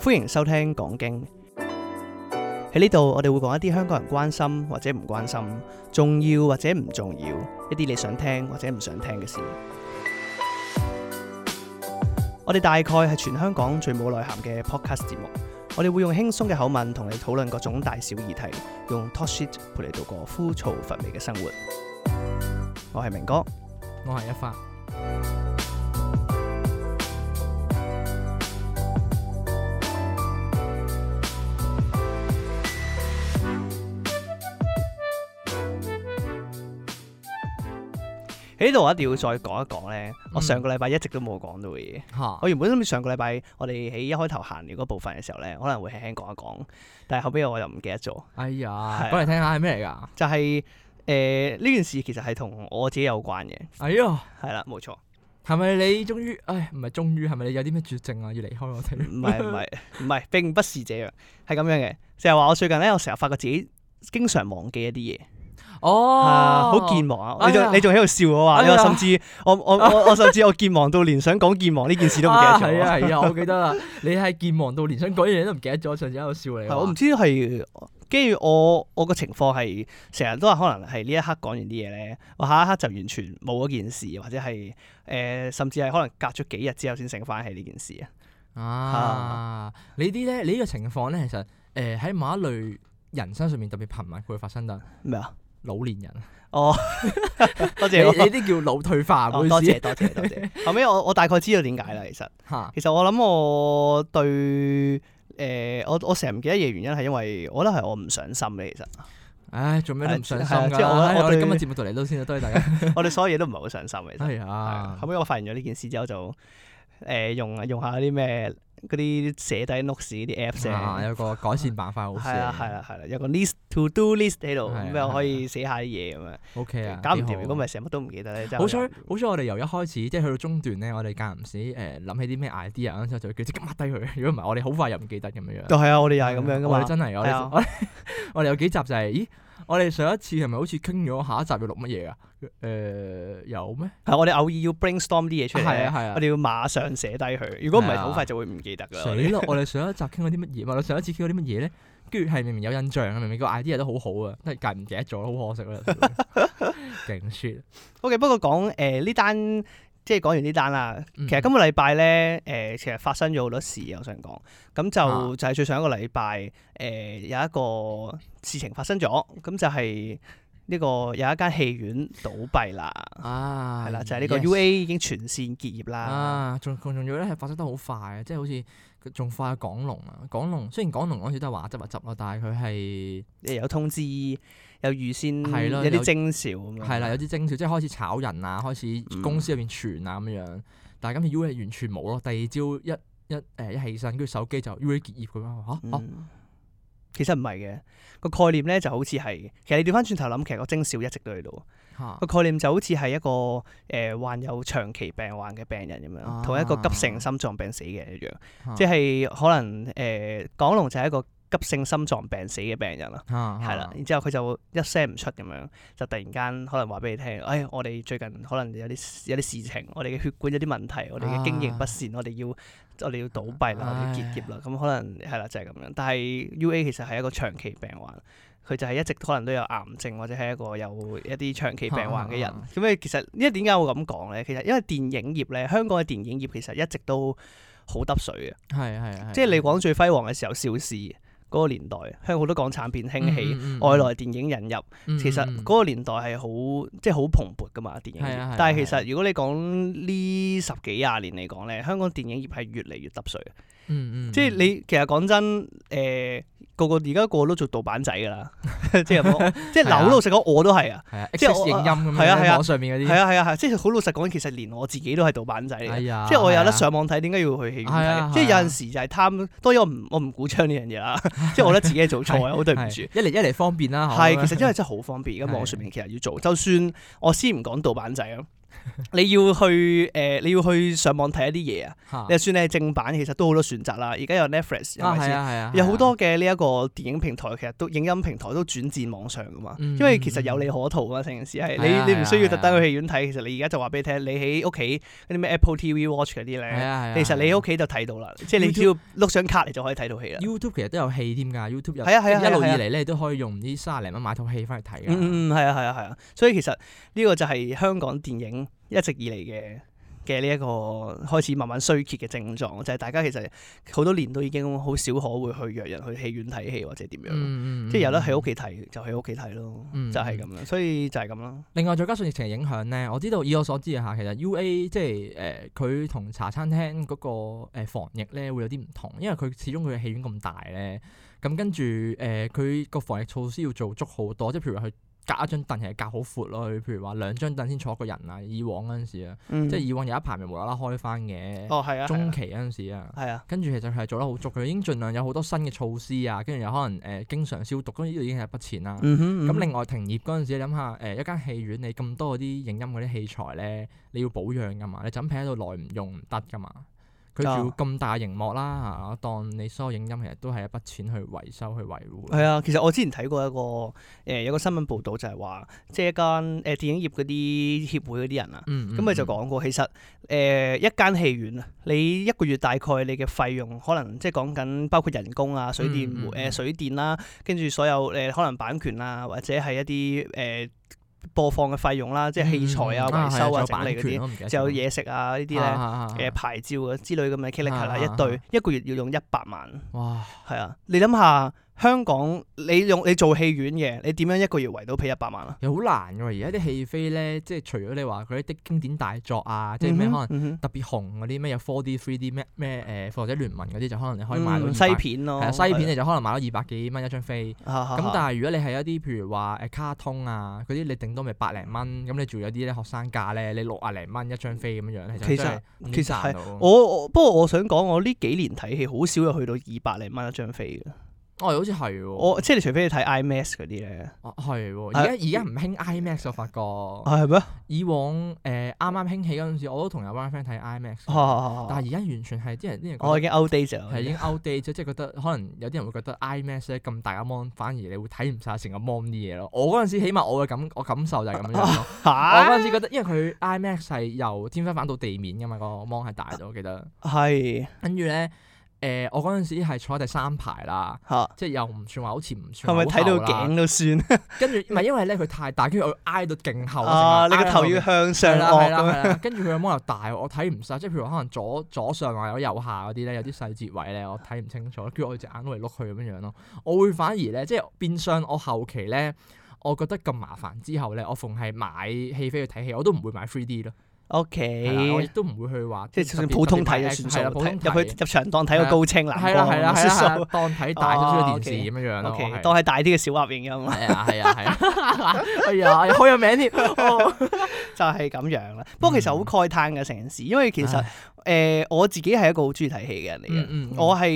歡迎收聽講經。喺呢度，我哋會講一啲香港人關心或者唔關心、重要或者唔重要、一啲你想聽或者唔想聽嘅事。我哋大概係全香港最冇內涵嘅 podcast 節目。我哋會用輕鬆嘅口吻同你討論各種大小議題，用 talk shit 陪你度過枯燥乏味嘅生活。我係明哥，我係一發。喺度我一定要再講一講咧，我上個禮拜一直都冇講到嘅嘢。嗯、我原本諗住上個禮拜我哋喺一開頭閒聊嗰部分嘅時候咧，可能會輕輕講一講，但係後尾我又唔記得咗。哎呀，講嚟、啊、聽下係咩嚟噶？就係誒呢件事其實係同我自己有關嘅。哎呀呦，係啦、啊，冇錯。係咪你終於？唉，唔係終於，係咪你有啲咩絕症啊？要離開我哋？唔係唔係，唔係，並不是這樣，係咁 樣嘅。成日話我最近咧，我成日發覺自己經常忘記一啲嘢。哦，好、啊、健忘啊！哎、呀你仲你仲喺度笑我話，哎、呀你我甚至、哎、呀我我 我甚至我健忘到連想講健忘呢件事都唔記得咗。係 啊係啊，啊，我記得啦。 你係健忘到連想講嘢都唔記得咗，上次喺度笑你。係我唔知係，跟住我我個情況係成日都係可能係呢一刻講完啲嘢咧，我下一刻就完全冇嗰件事，或者係誒甚至係可能隔咗幾日之後先醒翻起呢件事啊。啊，你啲咧你況呢個情況咧，其實誒喺、呃、某一類人生上面特別頻密會發生到咩啊？老年人哦， 多謝呢我啲叫腦退化。多謝多謝多謝。多謝多謝 後尾我我大概知道點解啦。其實， 其實我諗我對誒、呃、我我成日唔記得嘢原因係因為我覺得係我唔上心嘅。其實，唉、哎、做咩唔上心、哎啊？即係我我對、哎、我今日節目到嚟都先啦，多謝大家。 我哋所有嘢都唔係好上心嘅。係啊。 後尾我發現咗呢件事之後就誒、呃、用用下啲咩。嗰啲寫低 notes 嗰啲 apps, 啊，有個改善辦法好。係 啊，係啦、啊，係啦、啊，有個 list to do list 喺度，咁、啊、樣可以寫下啲嘢咁樣。O、okay、K 啊，搞唔掂，如果唔係寫乜都唔記得咧，幸好彩好彩，我哋由一開始、嗯、即係去到中段咧，我哋間唔時誒諗起啲咩 idea 嗰陣就會即刻記埋低佢。如果唔係，我哋好快又唔記得咁樣樣。就係啊，我哋又係咁樣噶嘛。我哋真係我真、啊、 我哋有幾集就係、是、咦。我哋上一次係咪好似傾咗下一集要錄乜嘢啊？誒、呃，有咩？係我哋偶爾要 brainstorm 啲嘢出嚟，係啊係啊，我哋要，要馬上寫低佢。如果唔係，好快就會唔記、啊、覺得噶。死啦！我哋上一集傾咗啲乜嘢？我哋上一次傾咗啲乜嘢咧？跟住係明明有印象啊，明明個 idea 都好好啊，都係戒唔記得咗，好可惜啦。頂算 。 o、okay, K，不過講誒呢單。即係講完呢單啦，其實今個禮拜咧，誒、呃，其實發生咗好多事，我想講，咁就就係、是、最上一個禮拜，誒、呃，有一個事情發生咗，咁就係呢個有一間戲院倒閉啦，係啦、啊，就係、是、呢個 UA 已經全線結業啦，啊，仲仲仲要咧係發生得好快啊，即係好似。仲快港龍啊！港龍雖然港龍嗰陣時都係話執話執咯，但係佢係有通知、有預先、啦有啲徵兆咁樣！係啦，有啲徵兆，即係開始炒人啊，開始公司入面傳啊咁樣。嗯、但係今次 U A 完全冇咯。第二朝一一誒一起身，跟住手機就 U A 結業咁啊嚇、啊嗯！其實唔係嘅，個概念咧就好似係。其實你調翻轉頭諗，其實個徵兆一直都喺度。個概念就好似係一個誒、呃、患有長期病患嘅病人咁樣，同、啊、一個急性心臟病死嘅一樣，啊、即係可能誒、呃、港龍就係一個急性心臟病死嘅病人啦，係啦、啊，然之後佢就一聲唔出咁樣，就突然間可能話俾你聽，誒、啊哎、我哋最近可能有啲有啲事情，我哋嘅血管有啲問題，我哋嘅經營不善，我哋要我哋要倒閉啦，啊、我哋結業啦，咁、哎、可能係啦就係、是、咁樣，但係 UA 其實係一個長期病患。佢就係一直可能都有癌症或者係一個有一啲長期病患嘅人。咁 其實呢，一點解會咁講呢？其實因為電影業呢，香港嘅電影業其實一直都好揼水啊， 即係你講最輝煌嘅時候，邵氏嗰個年代，香港好多港產片興起，嗯嗯嗯嗯，外來電影引入，其實嗰個年代係好即係好蓬勃噶嘛，電影業。 但係其實如果你講呢十幾廿年嚟講呢，香港電影業係越嚟越揼水。即係你其實講真，誒個個而家，個個都做盜版仔噶啦，即係即係老老實講，我都係啊，即係影音咁樣，網上面嗰啲，係啊係啊係，即係好老實講，其實連我自己都係盜版仔嚟嘅，即係我有得上網睇，點解要去戲院睇？即係有陣時就係貪，當然我唔我唔鼓倡呢樣嘢啦，即係我覺得自己係做錯啊，好對唔住。一嚟一嚟方便啦，係，其實因為真係好方便，而家網上面其實要做，就算我先唔講盜版仔啊。你要去誒，你要去上網睇一啲嘢啊！就算你係正版，其實都好多選擇啦。而家有 Netflix，係咪先，係啊，有好多嘅呢一個電影平台，其實都影音平台都轉戰網上噶嘛。因為其實有利可圖啊嘛，成件事係你你唔需要特登去戲院睇，其實你而家就話俾你聽，你喺屋企嗰啲咩 Apple TV Watch 嗰啲咧，其實你喺屋企就睇到啦。即係你只要碌張卡你就可以睇到戲啦。YouTube 其實都有戲添噶，YouTube 係啊係啊一路以嚟你，都可以用啲卅零蚊買套戲翻去睇噶。嗯嗯係啊係啊係啊，所以其實呢個就係香港電影。一直以嚟嘅嘅呢一個開始慢慢衰竭嘅症狀，就係、是、大家其實好多年都已經好少可會去約人去戲院睇戲或者點樣，嗯嗯、即係有得喺屋企睇就喺屋企睇咯，嗯、就係咁啦。所以就係咁咯。另外再加上疫情嘅影響咧，我知道以我所知嘅吓，其實 UA 即係誒佢同茶餐廳嗰、嗰個、呃、防疫咧會有啲唔同，因為佢始終佢嘅戲院咁大咧，咁跟住誒佢個防疫措施要做足好多，即譬如佢。隔一張凳係隔好闊咯，佢譬如話兩張凳先坐一個人啊。以往嗰陣時啊，嗯、即係以往有一排咪無啦啦開翻嘅。哦啊、中期嗰陣時啊，跟住、啊、其實佢係做得好足，佢已經盡量有好多新嘅措施啊，跟住又可能誒、呃、經常消毒，咁呢度已經係一筆錢啦。咁、嗯嗯、另外停業嗰陣時，你諗下誒一間戲院你咁多嗰啲影音嗰啲器材咧，你要保養噶嘛，你枕皮喺度耐唔用唔得噶嘛。佢仲要咁大螢幕啦嚇，啊、當你所有影音其實都係一筆錢去維修去維護。係啊，其實我之前睇過一個誒、呃、有個新聞報導就係話，即、就、係、是、一間誒電影業嗰啲協會嗰啲人啊，咁佢、嗯嗯嗯、就講過其實誒、呃、一間戲院啊，你一個月大概你嘅費用可能即係講緊包括人工啊、水電誒、嗯嗯嗯、水電啦，跟住所有誒、呃、可能版權啊或者係一啲誒。呃播放嘅費用啦，即係器材啊、維、嗯啊、修啊、整理嗰啲，仲的有嘢食啊呢啲咧嘅牌照啊之類咁嘅 Killer 啦，啊啊、一對、啊、一個月要用一百萬。啊啊、哇！係啊，你諗下。香港，你用你做戲院嘅，你點樣一個月圍到皮一百萬啊？又好難噶，而家啲戲飛咧，即係除咗你話嗰啲經典大作啊，嗯、哼即係咩可能特別紅嗰啲咩有 four D three D 咩咩誒，複、呃、仇者聯盟嗰啲就可能你可以買到 200,、嗯、西片咯，西片你就可能買到二百幾蚊一張飛。咁、啊啊、但係如果你係一啲譬如話誒卡通啊嗰啲，你頂多咪百零蚊，咁你做咗啲學生價咧，你六啊零蚊一張飛咁樣樣，其實其實係我不過我，我，我想講，我呢幾年睇戲好少有去到二百零蚊一張飛嘅。哦、我又好似係喎，我即係除非你睇 IMAX 嗰啲咧，係喎、啊，而家而家唔興 IMAX，我發覺係咩？啊、以往誒啱啱興起嗰陣時，我都同有班 friend 睇 IMAX，但係而家完全係啲人啲人，我已經 outdated，係已經 outdated，、啊啊、即係覺得可能有啲人會覺得 IMAX 咧，咁大個 mon，反而你會睇唔晒成個 mon 啲嘢咯。我嗰陣時，起碼我嘅感我感受就係咁樣咯。啊啊啊、我嗰陣時覺得，因為佢 IMAX 係由天花板到地面㗎嘛，個 mon 係大咗，我記得。係的。跟住咧。誒、呃，我嗰陣時係坐喺第三排啦，啊、即係又唔算話好似唔算，係咪睇到頸都酸？ 跟住唔係因為咧佢太大，跟住我挨到勁後啊，你個頭要向上，係啦，跟住佢個 mon 又大，我睇唔晒。即係譬如可能左左上或者右下嗰啲咧，有啲細節位咧，我睇唔清楚。跟住我隻眼碌嚟碌去咁樣樣咯。我會反而咧，即係變相我後期咧，我覺得咁麻煩之後咧，我逢係買戲飛去睇戲，我都唔會買 three D 咯。O.K. 亦、啊、都唔會去話，即係就算普通睇就算，入去入場當睇個高清，係啦係啦，當睇、啊啊啊啊、大啲電視咁、哦 okay，樣，O.K. 當係大啲嘅小鴨型咁啊，係啊係啊，係啊，好有名添，哦、 就係咁樣啦。不過其實好慨嘆嘅成件事，因為其實、哎。誒、呃、我自己係一個好中意睇戲嘅人嚟嘅，嗯嗯嗯，我係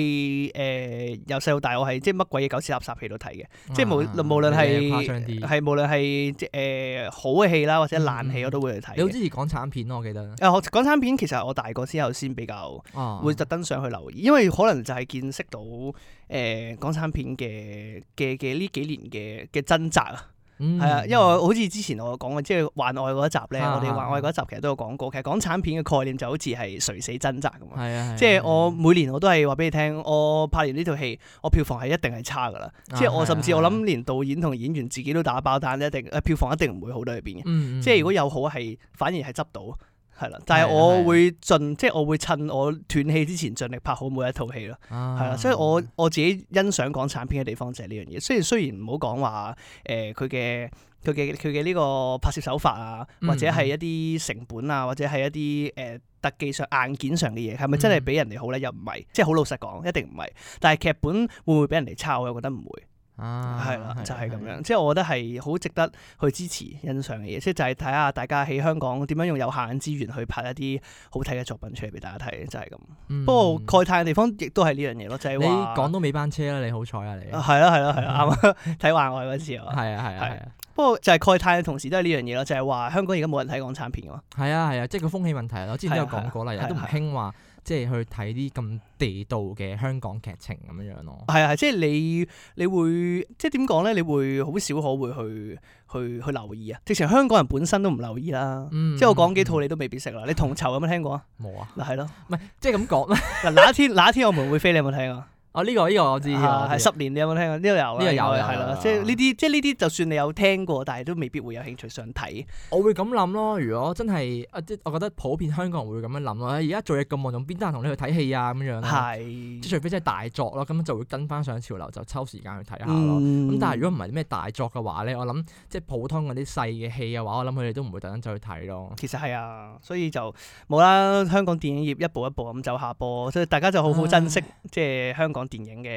誒由細到大我係即係乜鬼嘢狗屎垃圾戲都睇嘅，啊、即係無無論係係無論係即係誒好嘅戲啦，或者爛戲我都會去睇。你好支持港產片咯？我記得啊，港產片其實我大個之後先比較會特登上去留意，啊、因為可能就係見識到誒、呃、港產片嘅嘅嘅呢幾年嘅嘅掙扎啊。係啊，mm hmm. 因為好似之前我講嘅，即係《還愛幻愛》嗰一集咧，啊、我哋《幻愛》嗰集其實都有講過，其實港產片嘅概念就好似係垂死掙扎咁啊！啊，即係我每年我都係話俾你聽，我拍完呢套戲，我票房係一定係差噶啦。啊啊、即係我甚至、啊、我諗連導演同演員自己都打爆彈，一定誒票房一定唔會好到去邊嘅。嗯、即係如果有好係，反而係執到。係啦，但係我會盡的即係我會趁我斷氣之前盡力拍好每一套戲咯。係啦、啊，所以我我自己欣賞港產片嘅地方就係呢樣嘢。雖然雖然唔好講話誒，佢嘅佢嘅佢嘅呢個拍攝手法啊，或者係一啲成本啊，或者係一啲誒、呃、特技上硬件上嘅嘢，係咪真係比人哋好咧？又唔係，即係好老實講，一定唔係。但係劇本會唔會俾人哋抄？我又覺得唔會。啊，係啦，就係咁樣，即係我覺得係好值得去支持欣賞嘅嘢，即係就係睇下大家喺香港點樣用有限資源去拍一啲好睇嘅作品出嚟俾大家睇，就係咁。不過慨嘆嘅地方亦都係呢樣嘢咯，就係你講到尾班車啦，你好彩啊你。係啦係啦係啦，啱睇話我嗰次啊。係啊係啊係啊。不過就係慨嘆嘅同時都係呢樣嘢咯，就係話香港而家冇人睇港產片噶嘛。係啊係啊，即係個風氣問題咯，之前都有講過啦，人都唔興嘛。即係去睇啲咁地道嘅香港劇情咁樣樣咯。係啊，即係你你會即係點講咧？你會好少可會去去去留意啊！直情香港人本身都唔留意啦。嗯、即係我講幾套你都未必識啦。你同仇有冇聽過啊？冇 啊。嗱係咯，唔係即係咁講啦。嗱， 哪一天哪一天我們會飛，你有冇睇啊？啊呢個呢個我知啦，係、啊、十年你有冇聽過？呢、這個有呢個有係啦，即係呢啲即係呢啲就算你有聽過，但係都未必會有興趣想睇。我會咁諗咯，如果真係即我覺得普遍香港人會咁樣諗咯。而家做嘢咁忙，仲邊得閒同你去睇戲啊咁樣？係是，即除非真係大作咯，咁就會跟翻上潮流，就抽時間去睇下咯。咁、嗯、但係如果唔係咩大作嘅話咧，我諗即係普通嗰啲細嘅戲嘅話，我諗佢哋都唔會特登走去睇咯。其實係啊，所以就冇啦。香港電影業一步一步咁走下坡，所以大家就好好珍惜唉即係香港。電影嘅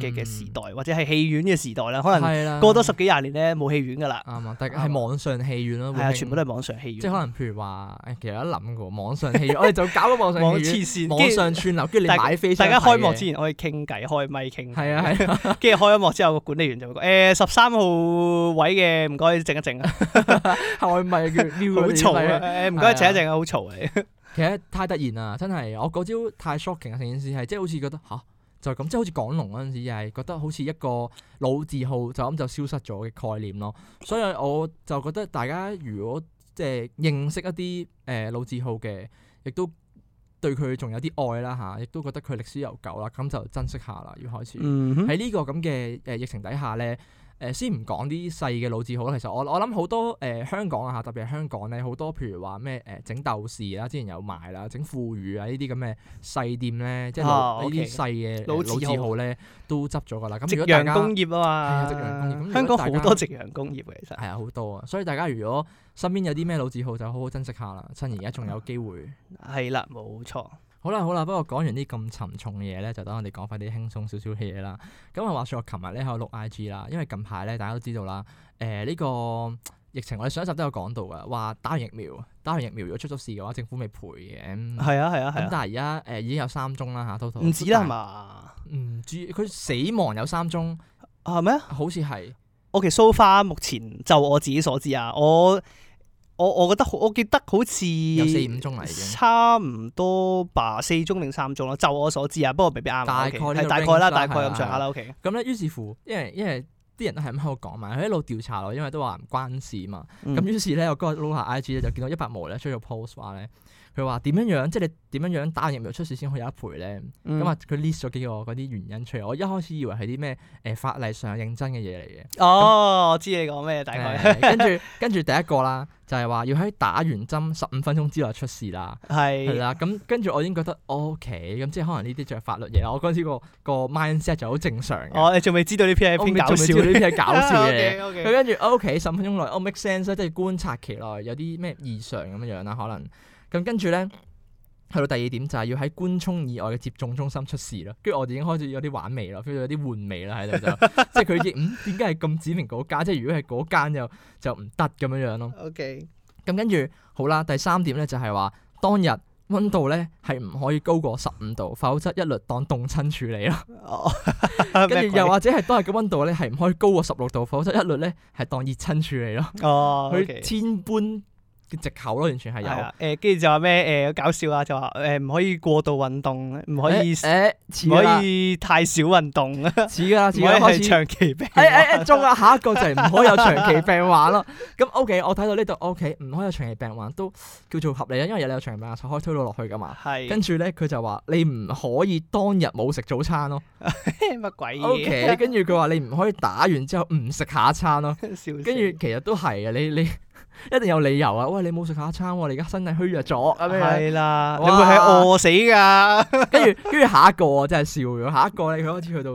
嘅嘅時代，或者係戲院嘅時代啦，可能過多十幾廿年咧，冇戲院噶啦，啱家係網上戲院咯，全部都係網上戲院，即係可能譬如話，其實一諗過網上戲院，我哋就搞個網上網上串流，跟住大家開幕之前可以傾偈，開咪傾，跟住開咗幕之後，個管理員就誒十三號位嘅，唔該靜一靜，開咪越好嘈啊，唔該靜一靜啊，好嘈嚟。其實太突然啦，真係我嗰朝太 shocking 啊，成件事係即係好似覺得吓。就咁，即係好似港龍嗰陣時，又係覺得好似一個老字號，就咁就消失咗嘅概念咯。所以我就覺得大家如果即係、呃、認識一啲誒、呃、老字號嘅，亦都對佢仲有啲愛啦嚇，亦、啊、都覺得佢歷史悠久啦，咁就珍惜下啦。要開始喺呢、嗯、哼個咁嘅誒疫情底下呢。誒先唔講啲細嘅老字號咯，其實我我諗好多誒、呃、香港啊，特別係香港咧好多，譬如話咩誒整豆豉啦，之前有賣啦，整腐乳啊呢啲咁嘅細店咧，即係啲細嘅老字號咧都執咗噶啦。咁如果大家，夕陽工業啊嘛，工業香港好多夕陽工業嘅、啊、其實係啊好多啊，所以大家如果身邊有啲咩老字號，就好好珍惜下啦。趁而家仲有機會，係啦、嗯，冇錯。好啦好啦，不過講完啲咁沉重嘅嘢咧，就等我哋講翻啲輕鬆少少嘅嘢啦。咁啊，話説我琴日咧喺度碌 IG 啦，因為近排咧大家都知道啦，誒、呃、呢、呢個疫情，我哋上一集都有講到噶，話打完疫苗，打完疫苗如果出咗事嘅話，政府未賠嘅。係、嗯、啊係啊係。咁、啊、但係而家誒已經有三宗啦嚇，滔唔止啦係嘛？唔止，佢、嗯、死亡有三宗係咩？啊、好似係。OK，so far，okay，目前就我自己所知啊，我。我我覺得好，我記得好似有四五鐘嚟嘅，差唔多吧，四鐘定三鐘咯。就我所知啊，不過未必啱我屋大概啦，大概咁的上下啦 OK，咁咧，於是乎，因為因為啲人都係咁喺度講埋，佢一路調查落，因為都話唔關事嘛。咁於是咧，我嗰日 look 下 IG 咧，就見到一百毛咧出咗 post 話咧。佢話點樣樣，即係你點樣樣打疫苗出事先可以有一賠咧？咁啊、嗯，佢 list 咗幾個嗰啲原因出嚟。我一開始以為係啲咩誒法例上認真嘅嘢嚟嘅。哦，那我知你講咩大概、嗯。跟住跟住第一個啦，就係、是、話要喺打完針十五分鐘之內出事啦。係是。係啦，咁跟住我已經覺得 O K，咁即係可能呢啲就係法律嘢。我嗰陣時、嗰個 mindset 就好正常。我仲未知道呢篇？我未知道呢篇搞笑嘅。佢跟住 O K，十五分鐘內，我、哦、make sense 即係觀察期內有啲咩異常咁樣樣啦，可能。咁跟住咧，去到第二點就係要喺官涌以外嘅接種中心出事咯。跟住我哋已經開始有啲玩味咯，跟住有啲玩味啦喺度就， 即係佢啲嗯，點解係咁指明嗰間？即係如果係嗰間就就唔得咁樣樣咯。OK。咁跟住好啦，第三點咧就係話當日溫度咧係唔可以高過十五度，否則一律當凍親處理咯。跟住又或者係當日嘅溫度咧係唔可以高過十六度，否則一律咧係當熱親處理咯。哦。佢、oh, okay. 天般。嘅直球咯，完全係有。誒、欸，跟住就話咩？誒、欸，好搞笑啊！就話誒，唔、欸、可以過度運動，唔可以唔、欸欸、可以太少運動。似噶啦，似開始。長期病。中啊！ 下一個就係唔可以有長期病患咯。咁 OK，我睇到呢度 OK，唔可以有長期病患都叫做合理啊，因為有你有長期病患就可以推到落去噶嘛。係的。跟住咧，佢就話你唔可以當日冇食早餐咯。乜 鬼嘢？OK，跟住佢話你唔可以打完之後唔食下一餐咯。跟住 其實都係啊，你你。你一定有理由啊！喂，你冇食下餐喎，你而家身體虛弱咗啊咩？係啦，你會係餓死噶？跟 住，跟住下一個真係笑咗，下一個咧佢開始去到，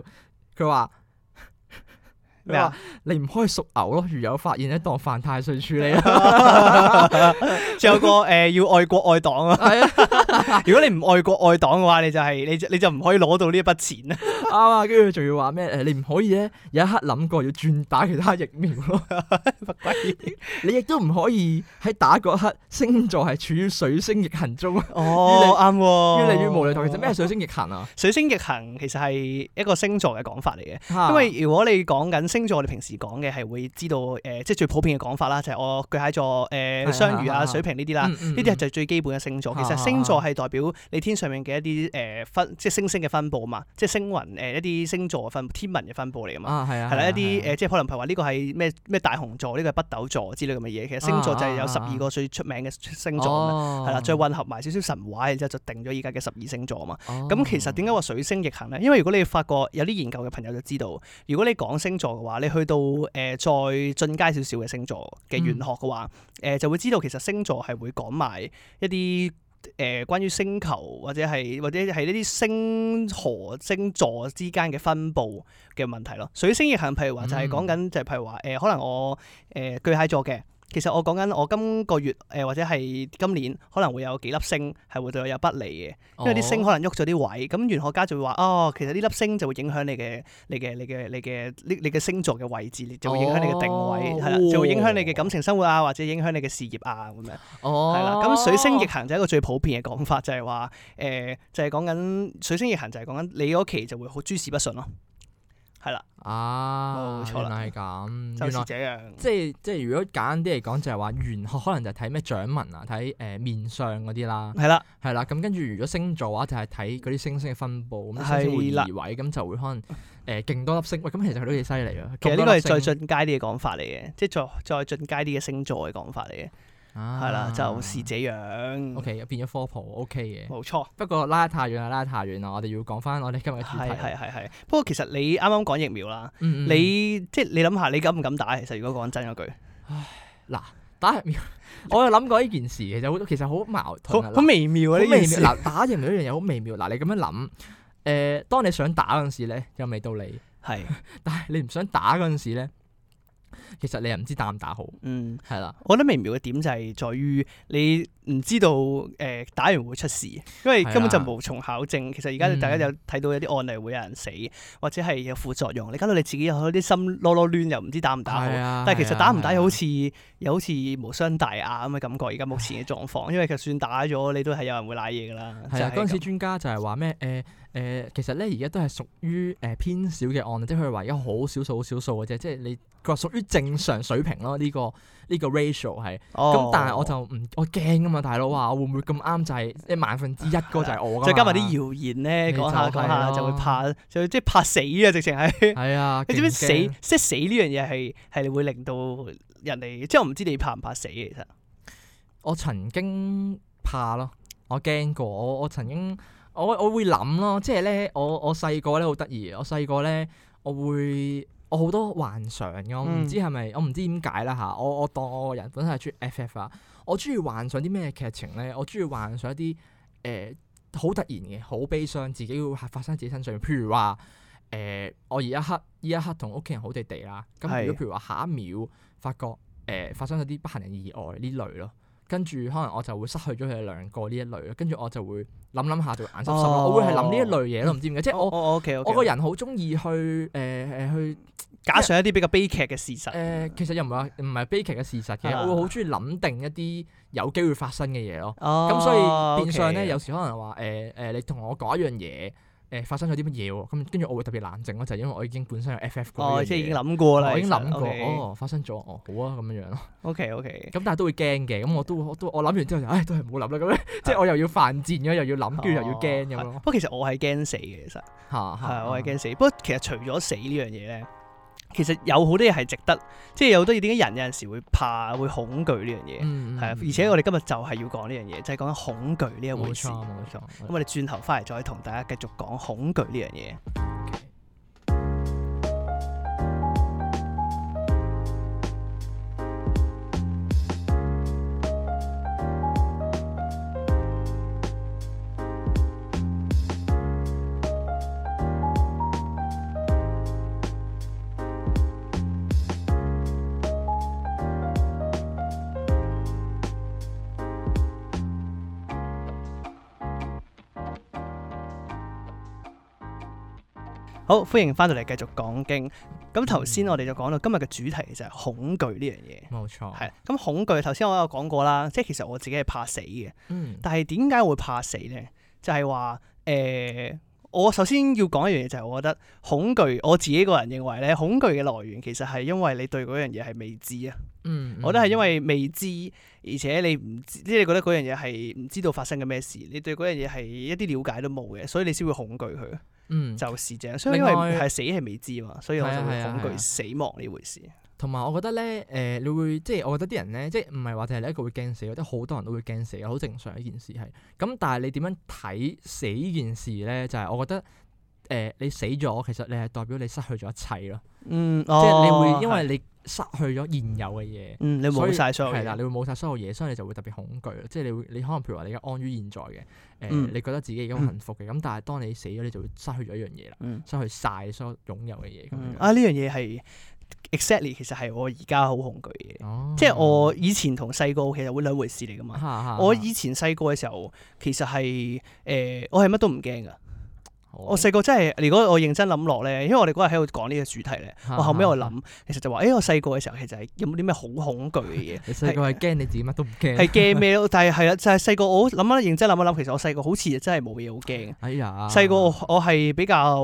佢話。咩啊？你唔可以屬牛咯，如有發現咧，當犯太歲處理啦。仲 有 個誒、呃，要愛國愛黨啊。係啊，如果你唔愛國愛黨嘅話，你就係、是、你你就唔可以攞到呢一筆錢 啊。啱啊，跟住仲要話咩？誒，你唔可以咧，有一刻諗過要轉打其他疫苗咯。 你亦都唔可以喺打嗰刻星座係處於水星逆行中。哦，啱理。越嚟越無厘頭、哦。其實咩水星逆行啊？水星逆行其實係一個星座嘅講法嚟嘅。 因為如果你講緊。星座我哋平時講嘅係會知道誒，即、呃、係最普遍嘅講法啦，就係、是、我、呃、巨蟹座、誒、呃、雙魚啊、水瓶呢啲啦，呢啲係就最基本嘅星座。嗯嗯、其實星座係代表你天上面嘅一啲誒、呃、分，即係星、呃、星嘅分佈啊嘛，即係星雲誒一啲星座分天文嘅分佈嚟啊嘛。係啊，啦，一啲誒即係可能譬如話呢個係咩咩大熊座，呢、這個係北斗座之類咁嘅嘢。啊、其實星座就係有十二個最出名嘅星座，係啦、啊，再、哦、混合埋少少神話，然之後就定咗依家嘅十二星座啊嘛。咁、哦、其實點解話水星逆行咧？因為如果你發覺有啲研究嘅朋友就知道，如果你講星座。話你去到誒、呃、再進階少少嘅星座嘅玄學嘅話，誒、嗯呃、就會知道其實星座係會講埋一啲誒、呃、關於星球或者係或者係呢啲星河星座之間嘅分佈嘅問題咯。水星逆行，譬如話就係講緊就係、嗯、譬如話誒、呃，可能我誒、呃、巨蟹座嘅。其實我講緊我今個月誒、呃、或者係今年可能會有幾粒星係會對我有不利嘅，因為啲星可能喐咗啲位，咁玄學家就會話：哦，其實呢粒星就會影響你嘅、你嘅、你嘅、你嘅呢、你嘅星座嘅位置，就會影響你嘅定位，係啦，就會影響你嘅、哦、感情生活啊，或者影響你嘅事業啊咁樣。哦，係啦，咁水星逆行就係一個最普遍嘅講法，就係話誒，就係講緊水星逆行就係講緊你嗰期就會好諸事不順咯。係啦，啊，冇錯啦，係咁，就是這樣。即係即係，如果簡單啲嚟講，就係、是、話，玄學可能就睇咩掌紋啊，睇誒、呃、面相嗰啲啦。係啦了，係啦。咁跟住，如果星座嘅話，就係睇嗰啲星星嘅分布，咁星星會移位，咁了就會可能誒、呃、勁多粒星。喂，咁其實佢都幾犀利㗎。其實呢個係再進階啲嘅講法嚟嘅，即係再再進階啲嘅星座嘅講法嚟嘅。係啦，就、啊、是這樣。O、okay, K，變咗科普，O K 嘅。冇、okay、錯。錯不過拉太遠啦，拉太遠啦，我哋要講翻我哋今日嘅主題。係係係。不過其實你啱啱講疫苗啦，嗯嗯你即係你諗下，你敢唔敢打？其實如果講真嗰句。唉，嗱，打疫苗，我有諗過呢件事嘅，有好其實好矛盾，好微妙嘅。好微妙。嗱，打疫苗呢樣嘢好微妙。嗱，你咁樣諗，誒，當你想打嗰陣時咧，又未到你。係是。 但係你唔想打嗰陣時咧。其實你又唔知打唔打好，嗯，係啦的。我覺得微妙嘅點就係在於你唔知道誒、呃、打完會出事，因為根本就無從考證。的其實而家大家有睇到有啲案例會有人死，嗯、或者係有副作用。你搞到你自己有啲心囉囉攣，又唔知打唔打好。的但係其實打唔打好似又好似無傷大雅咁嘅感覺。而家目前嘅狀況，的因為就算打咗，你都係有人會瀨嘢噶啦。係啊的，嗰陣時專家就係話咩？誒、呃、誒、呃，其實咧而家都係屬於誒偏少嘅案例，即係話有好少數、好少數嘅啫。即係你。佢話屬於正常水平咯，呢個呢個 ratio 係咁，oh。但係我就唔我驚啊嘛，大佬啊，我會唔會咁啱就係、是、一萬分之一個就係我。再加埋啲謠言咧、就是，講下講下就會怕，就即係怕死啊！直情係係啊， 啊你知唔知怕死？即係死呢樣嘢係係會令到人哋，即係我唔知你怕唔怕死、啊、其實。我曾經怕咯，我驚過我曾經我我會諗咯，即係咧我我細個咧好得意，我細個咧我會。我好多幻想嘅，我唔知係咪、嗯，我唔知點解啦嚇。我我當我個人本身係中意 FF 啊，我中意幻想啲咩劇情咧？我中意幻想一啲誒好突然嘅、好悲傷，自己會發生喺自己身上。譬如話誒、呃，我而一刻依一刻同屋企人好地地啦，咁如果譬如話下一秒是發覺誒、呃、發生咗啲不幸嘅意外呢類咯，跟住可能我就會失去咗佢哋兩個呢一類咯，跟住我就會。諗諗下就會眼濕濕咯，oh. 我會係諗呢一類嘢咯，唔知點解，即係我我個人好中意去誒誒、呃、去假想一啲比較悲劇嘅事實。誒、呃，其實又唔係唔係悲劇嘅事實嘅，我會好中意諗定一啲有機會發生嘅嘢咯。咁、oh. 所以變相咧，oh, okay. 有時可能話誒誒，你同我講一樣嘢。誒、欸、發生咗啲乜嘢喎？咁跟住我會特別冷靜咯，就係、是、因為我已經本身有 FF 嗰啲嘢哦，即係已經諗過啦。實我已經諗過，okay. 哦，發生咗，哦，好啊，咁樣樣咯。OK OK。咁但係都會驚嘅，咁我都我都我諗完之後就，唉、哎，都係唔好諗啦，咁樣。即、就、係、是、我又要犯賤嘅，又要諗，跟住、哦、又要驚咁咯。不過、哦、樣其實我係驚死嘅，其實。嚇嚇、啊，我係驚死。不過、嗯、其實除咗死呢樣嘢咧。其實有好多嘢係值得，即係有好多嘢點解人有陣時會怕、會恐懼呢樣嘢，係啊、嗯嗯嗯！而且我哋今日就係要講呢樣嘢，就係講緊恐懼呢一回事。冇錯，冇錯。咁我哋轉頭翻嚟再同大家繼續講恐懼呢樣嘢。好，歡迎翻到嚟，繼續講經。咁頭先我哋就講到今日嘅主題就係恐懼呢樣嘢。冇錯，係。咁恐懼頭先我有講過啦，即係其實我自己係怕死嘅。嗯、但係點解會怕死呢？就係、是、話，誒、呃，我首先要講一樣嘢就係，我覺得恐懼我自己個人認為咧，恐懼嘅來源其實係因為你對嗰樣嘢係未知啊。嗯、嗯。我覺得係因為未知，而且你唔知，即係你覺得嗰樣嘢係唔知道發生緊咩事，你對嗰樣嘢係一啲了解都冇嘅，所以你先會恐懼佢。嗯，就死啫。所以因為係死係未知嘛，外所以我就會恐懼死亡呢回事。同埋、嗯嗯哦、我覺得咧，誒、呃，你會即係我覺得啲人咧，即係唔係話淨係你一個會驚死，覺得好多人都會驚死，好正常一件事係咁，但係你點樣睇死呢件事咧？就係、是、我覺得誒、呃，你死咗，其實你係代表你失去咗一切咯。嗯，哦、即係你會因為你。失去咗現有嘅嘢，嗯，你冇晒所有嘢，所以係啦，你會冇晒所有嘢，所以你就會特別恐懼。即係你會，你可能譬如話，你安於現在嘅，誒、呃，嗯、你覺得自己已經好幸福嘅。咁、嗯、但係當你死咗，你就會失去咗一樣嘢啦，嗯、失去晒所有擁有嘅嘢。咁啊、嗯，呢樣嘢、就、係、是、exactly，其實係我而家好恐懼嘅。哦、即係我以前同細個其實會兩回事嚟噶嘛。哈哈，我以前細個嘅時候，其實係誒、呃，我係乜都唔驚噶。Oh. 我細個真係，如果我認真諗落咧，因為我哋嗰日喺度講呢個主題咧， 我後尾我諗，其實就話，誒、欸，我細個嘅時候其實係有冇啲咩好恐懼嘅嘢？細個係驚你，你是自己乜都唔驚，係驚咩咯？但係係啊，就係細個我諗啊，認真諗一諗，其實我細個好似真係冇嘢好驚。 哎呀呦，細個我係比較。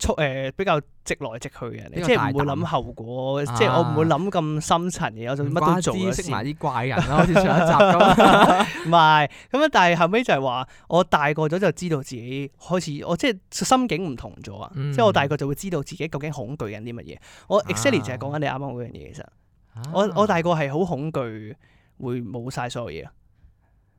出誒比較直來直去嘅，即係唔會諗後果，啊、即係我唔會諗咁深層嘢。啊、我仲乜都做，識埋啲怪人咯， 好似上一集。咁。唔係咁樣， 但係後尾就係話，我大個咗就知道自己開始，我即係心境唔同咗啊！嗯、即係我大個就會知道自己究竟恐懼緊啲乜嘢。我 exciting 就係講緊你啱啱嗰樣嘢，其實我我大個係好恐懼會冇晒所有嘢，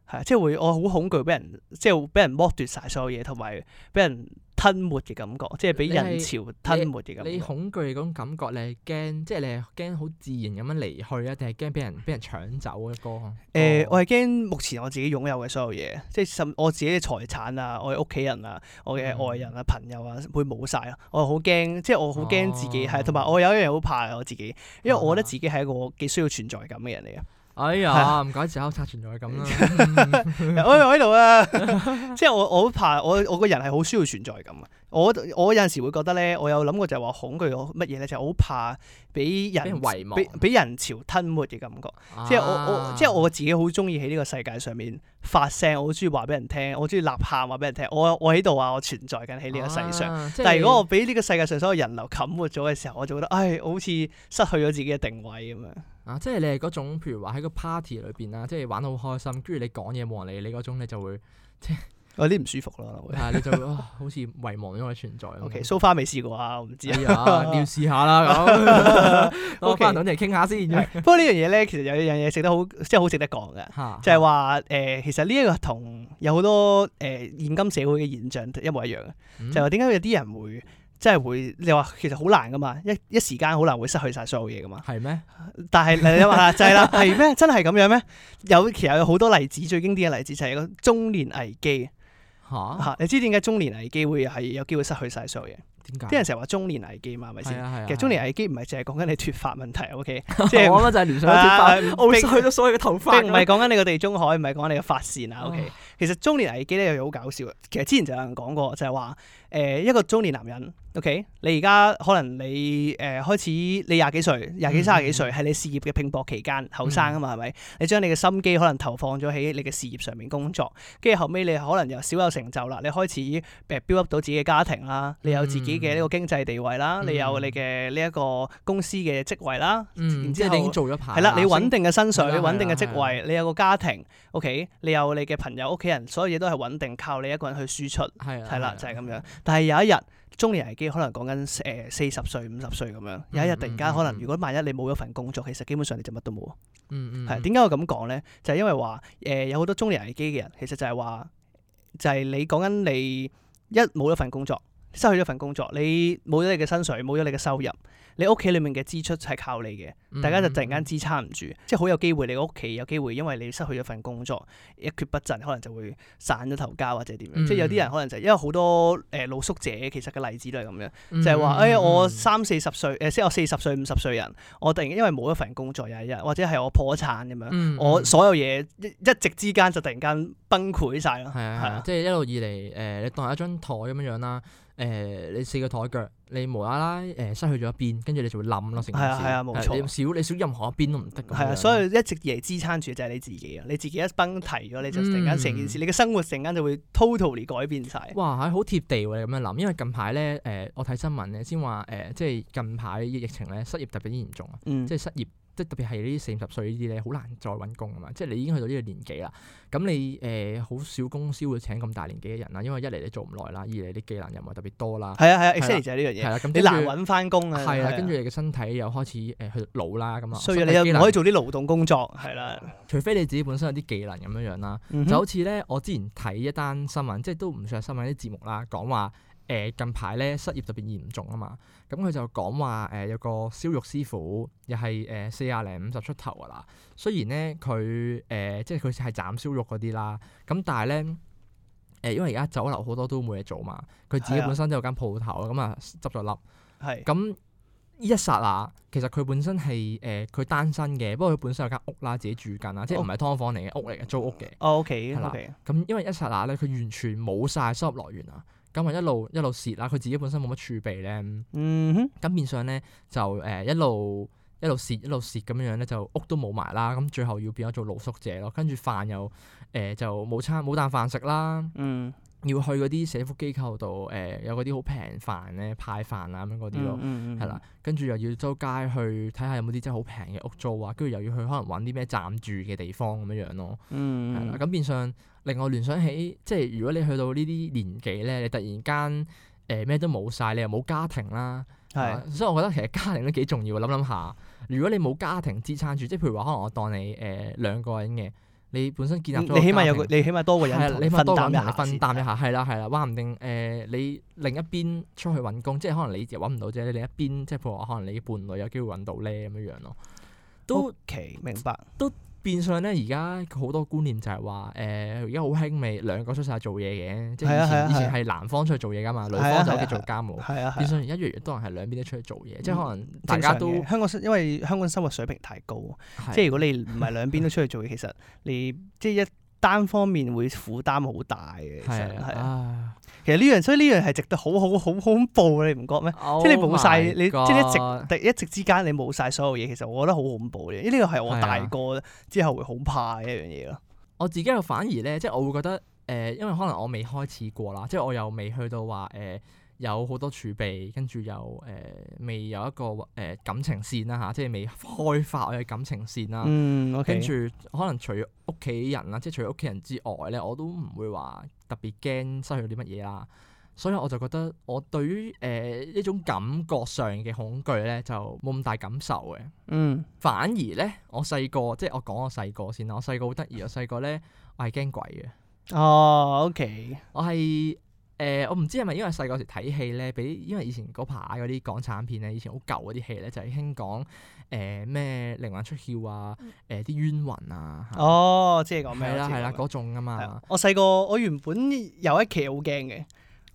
係即係會我好恐懼俾人即係俾人剝奪晒所有嘢，同埋俾人。吞沒嘅感覺，即係俾人潮吞沒嘅感，感覺。你恐懼嗰種感覺，你係驚，即係你係驚好自然咁樣離去啊，定係驚俾人俾人搶走嗰個？誒、呃，哦、我係驚目前我自己擁有嘅所有嘢，即係甚至我自己嘅財產啊，我嘅屋企人啊，我嘅愛人啊、嗯、朋友啊，會冇晒。啊！我好驚，哦、即係我好驚自己係，同埋我有一樣嘢好怕，我自己，因為我覺得自己係一個幾需要存在感嘅人嚟嘅。啊。哎呀，唔 怪之喺度存在感咁啦！我喺度啊，即係我我好怕我我個人係好需要存在感。啊！我我有陣時會覺得咧，我有諗過就係話恐懼我乜嘢咧，就係、是、好怕俾人遺忘，俾俾人，人潮吞沒嘅感覺。啊、即係我我即係我自己好中意喺呢個世界上面發聲，我好中意話俾人聽，我中意吶喊話俾人聽。我我喺度話我存在緊喺呢個世上，啊、但係如果我俾呢個世界上所有人流冚沒咗嘅時候，我就覺得唉，我好似失去咗自己嘅定位咁啊！啊，即係你係嗰種，譬如話喺個 party 裏邊啦，即係玩得好開心，跟住你講嘢冇人理，你嗰種你就會即係有啲唔舒服咯。係、啊、 你就會、啊、好似遺忘咗我嘅存在。O、okay, K，so far 未試過啊，我唔知啊，要試下啦。咁我翻同你哋傾下先。不過呢樣嘢咧，其實有一樣嘢食得好，即係好值得講嘅，就係話誒，其實呢一個同有好多誒現今社會嘅現象一模一樣嘅，嗯、就係話點解有啲人會。即係會，你話其實好難噶嘛，一一時間好難會失去晒所有嘢噶嘛。係咩？但係你諗下就係啦，係咩？真係咁樣咩？有其實有好多例子，最經典嘅例子就係一個中年危機。你知點解中年危機會係有機會失去晒所有嘢？點解？啲人成日話中年危機嘛，係咪先？其實中年危機唔係淨係講緊你脱髮問題 O K。即係講緊就係連上一隻發，我去咗所有嘅頭髮。唔係講緊你個地中海，唔係講緊你個髮線啊，O K。其實中年危機咧又好搞笑。其實之前就有人講過，就係話誒一個中年男人。O.K. 你而家可能你誒開始你廿幾歲、廿幾三十幾歲，係你事業嘅拼搏期間，後生啊嘛，係咪？你將你嘅心機可能投放咗喺你嘅事業上面工作，跟住後尾你可能又少有成就啦，你開始 build up 到自己嘅家庭啦，你有自己嘅呢個經濟地位啦，你有你嘅呢一個公司嘅職位啦，然之後你已經做咗排，係啦，你穩定嘅薪水、穩定嘅職位，你有個家庭，O.K. 你有你嘅朋友、屋企人，所有嘢都係穩定，靠你一個人去輸出，係啦，就係咁樣。但係有一日。中年危機，可能講緊誒，四十歲、五十歲咁樣， 有一日突然間可能，如果萬一你冇咗份工作， 其實基本上你就乜都冇喎。嗯，係點解我咁講咧？就係、是、因為話誒、呃、有好多中年危機嘅人，其實就係話就係、是、你講緊你一冇咗份工作。失去咗份工作，你冇咗你嘅薪水，冇咗你嘅收入，你屋企裏面嘅支出係靠你嘅，大家就突然間支撐唔住，嗯、即係好有機會你屋企有機會，機會因為你失去咗份工作，一蹶不振，可能就會散咗頭家或者點樣，嗯、即係有啲人可能就是、因為好多誒、呃、露宿者其實嘅例子都係咁樣，嗯、就係話誒我三四十歲誒即係我四十歲五十歲人，我突然因為冇一份工作又一日，或者係我破產咁樣，嗯嗯、我所有嘢一一直之間就突然間崩潰晒咯，係啊係啊，即係一路以嚟誒你當係一張台咁樣樣啦。誒、呃，你四個台腳，你無啦啦誒失去咗一邊，跟住你就會冧啦成件事。係啊係啊冇錯。你少你少任何一邊都唔得。係啊，所以一直以嚟支撐住就係你自己啊！你自己一崩提咗，你就成間成件事，嗯、你嘅生活成間就會 totally 改變晒。哇！好、欸、貼地喎、啊，你咁樣諗，因為近排咧誒，我睇新聞咧先話誒，即係近排疫情咧，失業特別嚴重啊，嗯、即係失業。即係特別係呢啲四五十歲呢啲咧，好難再揾工啊嘛！即係你已經去到呢個年紀啦，咁你誒好少公司會請咁大年紀嘅人啦，因為一嚟你做唔耐啦，二嚟你啲技能又唔係特別多啦。係啊係啊 exactly 就係呢樣嘢。係 啦樂，咁你難揾翻工啊。係啊，跟住你嘅身體又開始誒去老啦，咁啊。所以你又唔可以做啲勞動工作，係啦。除非你自己本身有啲技能咁樣樣啦。嗯、哼就好似咧，我之前睇一單新聞，即係都唔算新聞節，啲節目啦，講話。誒近排咧失業特別嚴重啊嘛，咁佢就講話誒有個燒肉師傅，又係誒、呃、四廿零五十出頭啊啦。雖然咧佢誒即係佢係斬燒肉嗰啲啦，咁但係咧誒因為而家酒樓好多都冇嘢做嘛，佢自己本身都有間鋪頭啊，咁啊執咗笠。係咁一剎那，其實佢本身係誒佢單身嘅，不過佢本身有間屋啦，自己住緊啊，即係唔係劏房嚟嘅屋嚟嘅租屋嘅。O K，係啦。咁、okay, okay. 因為一剎那咧，佢完全冇晒收入來源啊。咁咪一路一路蝕啦，佢自己本身冇乜儲備咧。嗯哼。咁變相咧就誒一路一路蝕一路蝕咁樣樣咧，就屋都冇埋啦。咁最後要變咗做露宿者咯。跟住飯又誒、呃、就冇餐冇啖飯食啦。要去嗰啲社福機構度誒、呃、有嗰啲好平飯咧派飯啊咁嗰啲咯。嗯，嗯，嗯，嗯係啦，跟住又要周街去睇下有冇啲真係好平嘅屋租啊，跟住又要去可能揾啲咩暫住嘅地方咁樣樣咯。嗯，嗯係啦，咁變相。令我聯想起，即係如果你去到呢啲年紀咧，你突然間誒咩、呃、都冇晒，你又冇家庭啦的、啊，所以我覺得其實家庭都幾重要。諗諗下，如果你冇家庭支撐住，即係譬如話，可能我當你誒、呃、兩個人嘅，你本身建立咗家庭，你起碼有個，你起碼多個人，你分擔同你分擔一下，係啦係啦，話唔的定誒、呃、你另一邊出去揾工，即係可能你又揾唔到啫，你另一邊即係譬如話，可能你伴侶有機會揾到咧，咁樣樣咯，都 OK Okay, 明白都。變相咧，而家好多觀念就係話，誒，而家好興咪兩個出晒做嘢嘅，即係以前以前係男方出去做嘢㗎嘛，女方就去做家務。變相而家越嚟越多人係兩邊都出去做嘢，即係可能大家都香港，因為香港生活水平太高，即係如果你唔係兩邊都出去做嘢，其實你即係一單方面會負擔好大嘅，係啊。其實呢樣，所以呢樣係值得好好好恐怖，你唔覺咩？Oh、即係你冇晒 My God 你，即係一直一直之間你冇晒所有嘢，其實我覺得好恐怖嘅。呢個係我大個之後會好怕嘅一樣嘢咯。我自己又反而咧，即係我會覺得誒、呃，因為可能我未開始過啦，即係我又未去到話誒、呃、有好多儲備，跟住又誒、呃、未有一個誒、呃、感情線啦吓，即係未開發我嘅感情線啦。跟住、嗯 okay. 可能除屋企人啦，即係除屋企人之外咧，我都唔會話。特別驚失去啲乜嘢啦，所以我就覺得我對於誒呢、呃、種感覺上嘅恐懼咧就冇咁大感受嘅。嗯，反而咧我細個，即係我講我細個先啦。我細個好得意，我細個咧我係驚鬼嘅。哦，OK，我係。誒、呃，我唔知係咪因為細個時睇戲咧，比因為以前嗰排嗰啲港產片咧，以前好舊嗰啲戲咧，就係興講誒咩靈魂出竅啊，誒、呃、啲冤魂啊。哦，即係講咩？係啦係啦，嗰種㗎嘛。我細個我原本有一期好驚嘅。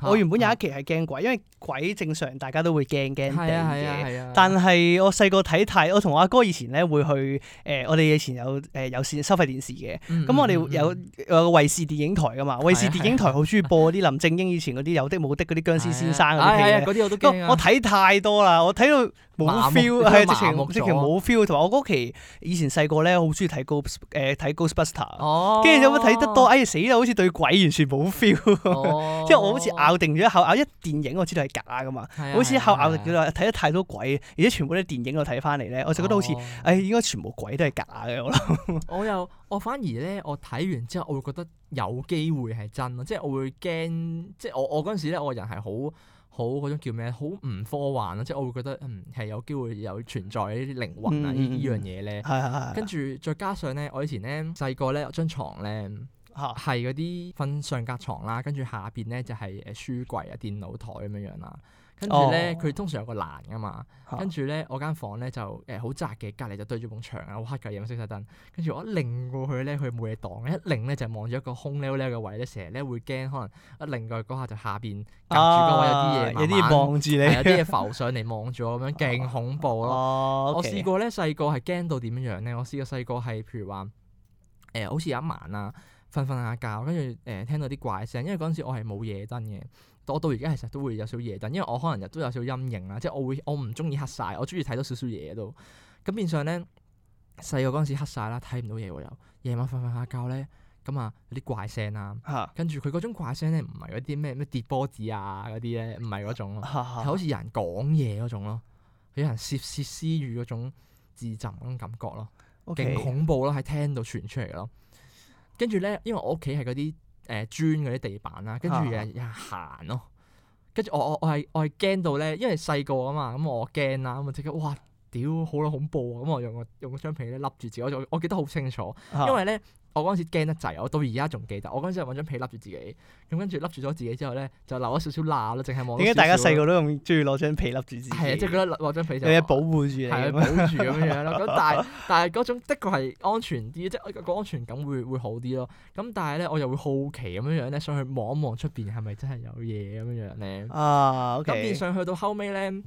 我原本有一期係驚鬼，因為鬼正常大家都會驚驚驚嘅。但係我細個睇太，我同我阿哥以前咧會去誒，我哋以前有誒有線收費電視嘅。咁我哋有個衞視電影台噶嘛？衞視電影台好中意播啲林正英以前嗰啲有的冇的嗰啲僵屍先生嗰啲片。啲我都驚。我睇太多啦，我睇到。冇 feel，係直情直情冇 feel，同埋我嗰期以前細個咧，好中意睇《Ghost》睇《Ghostbuster》，跟住之後睇得多，哎死啦，好似對鬼完全冇 feel，即係我好似咬定咗一口咬一電影，我知道係假噶嘛，啊、好似一口咬，叫做睇得太多鬼，而且全部啲電影我睇翻嚟咧，我就覺得好似，哦、哎應該全部鬼都係假嘅我諗。 我又我反而咧，我睇完之後，我會覺得有機會係真咯，即係我會驚，即係我我嗰陣時咧，我人係好。好嗰種叫咩？好唔科幻啦、啊，即係我會覺得嗯係有機會有存在呢啲靈魂啊、嗯、呢呢樣嘢咧。嗯嗯嗯嗯、跟住再加上咧，我以前咧細個咧我張床咧係嗰啲瞓上格床啦、啊，跟住下邊咧就係誒書櫃啊、電腦台咁、啊、樣樣、啊、啦。跟住咧，佢、oh. 通常有個欄噶嘛。Oh. 跟住咧，我間房咧就誒好、呃、窄嘅，隔離就對住埲牆啊！好黑嘅又熄晒燈，跟住我一擰過去咧，佢冇嘢擋一擰咧就望住一個空溜溜嘅位咧，成日咧會驚，可能一擰過去嗰下就下邊隔住嗰位、oh. 有啲嘢、啊，有啲嘢望住你，有啲嘢浮上嚟望住我咁樣，勁恐怖咯！Oh. Oh. Okay. 我試過咧細個係驚到點樣咧？我試過細個係譬如話誒，好似有一晚啊，瞓瞓下覺，跟住誒聽到啲怪聲，因為嗰陣時我係冇夜燈嘅。我到而家其實都會有少少夜燈，但因為我可能都有少少陰影啦，即係我會我唔中意黑晒，我中意睇多少少嘢都。咁變相咧，細個嗰陣時黑晒啦，睇唔到嘢喎又。夜晚瞓瞓下覺咧，咁、嗯、啊有啲怪聲啦。哈跟住佢嗰種怪聲咧，唔係嗰啲咩咩跌波子啊嗰啲咧，唔係嗰種，係哈好似人講嘢嗰種咯，有人竊竊私語嗰種自浸嗰種感覺咯，勁 Okay. 恐怖咯，喺廳度傳出嚟咯。跟住咧，因為我屋企係嗰啲。誒、呃、磚嗰啲地板啦，跟住又行咯，跟、啊、住、啊、我我我係我係驚到咧，因為細個啊嘛，咁、嗯、我驚啦，咁我即刻哇，屌好鬼恐怖啊，咁、嗯、我用個用個雙皮呢笠住自己，我我記得好清楚，啊、因為咧。我嗰陣時驚得滯，我到而家仲記得。我嗰陣時係揾張被笠住自己，咁跟住笠住咗自己之後咧，就留咗少少罅啦，淨係望。點解大家細個都咁中意攞張被笠住自己？係，即係覺得攞張被就。有嘢保護住你。係，保護住咁樣樣咯。咁 但係，但係嗰種的確係安全啲，即係個安全感會會好啲咯。咁但係咧，我又會好奇咁樣樣咧，上去望一望出邊係咪真係有嘢咁樣樣咧。啊咁變上去到後尾咧。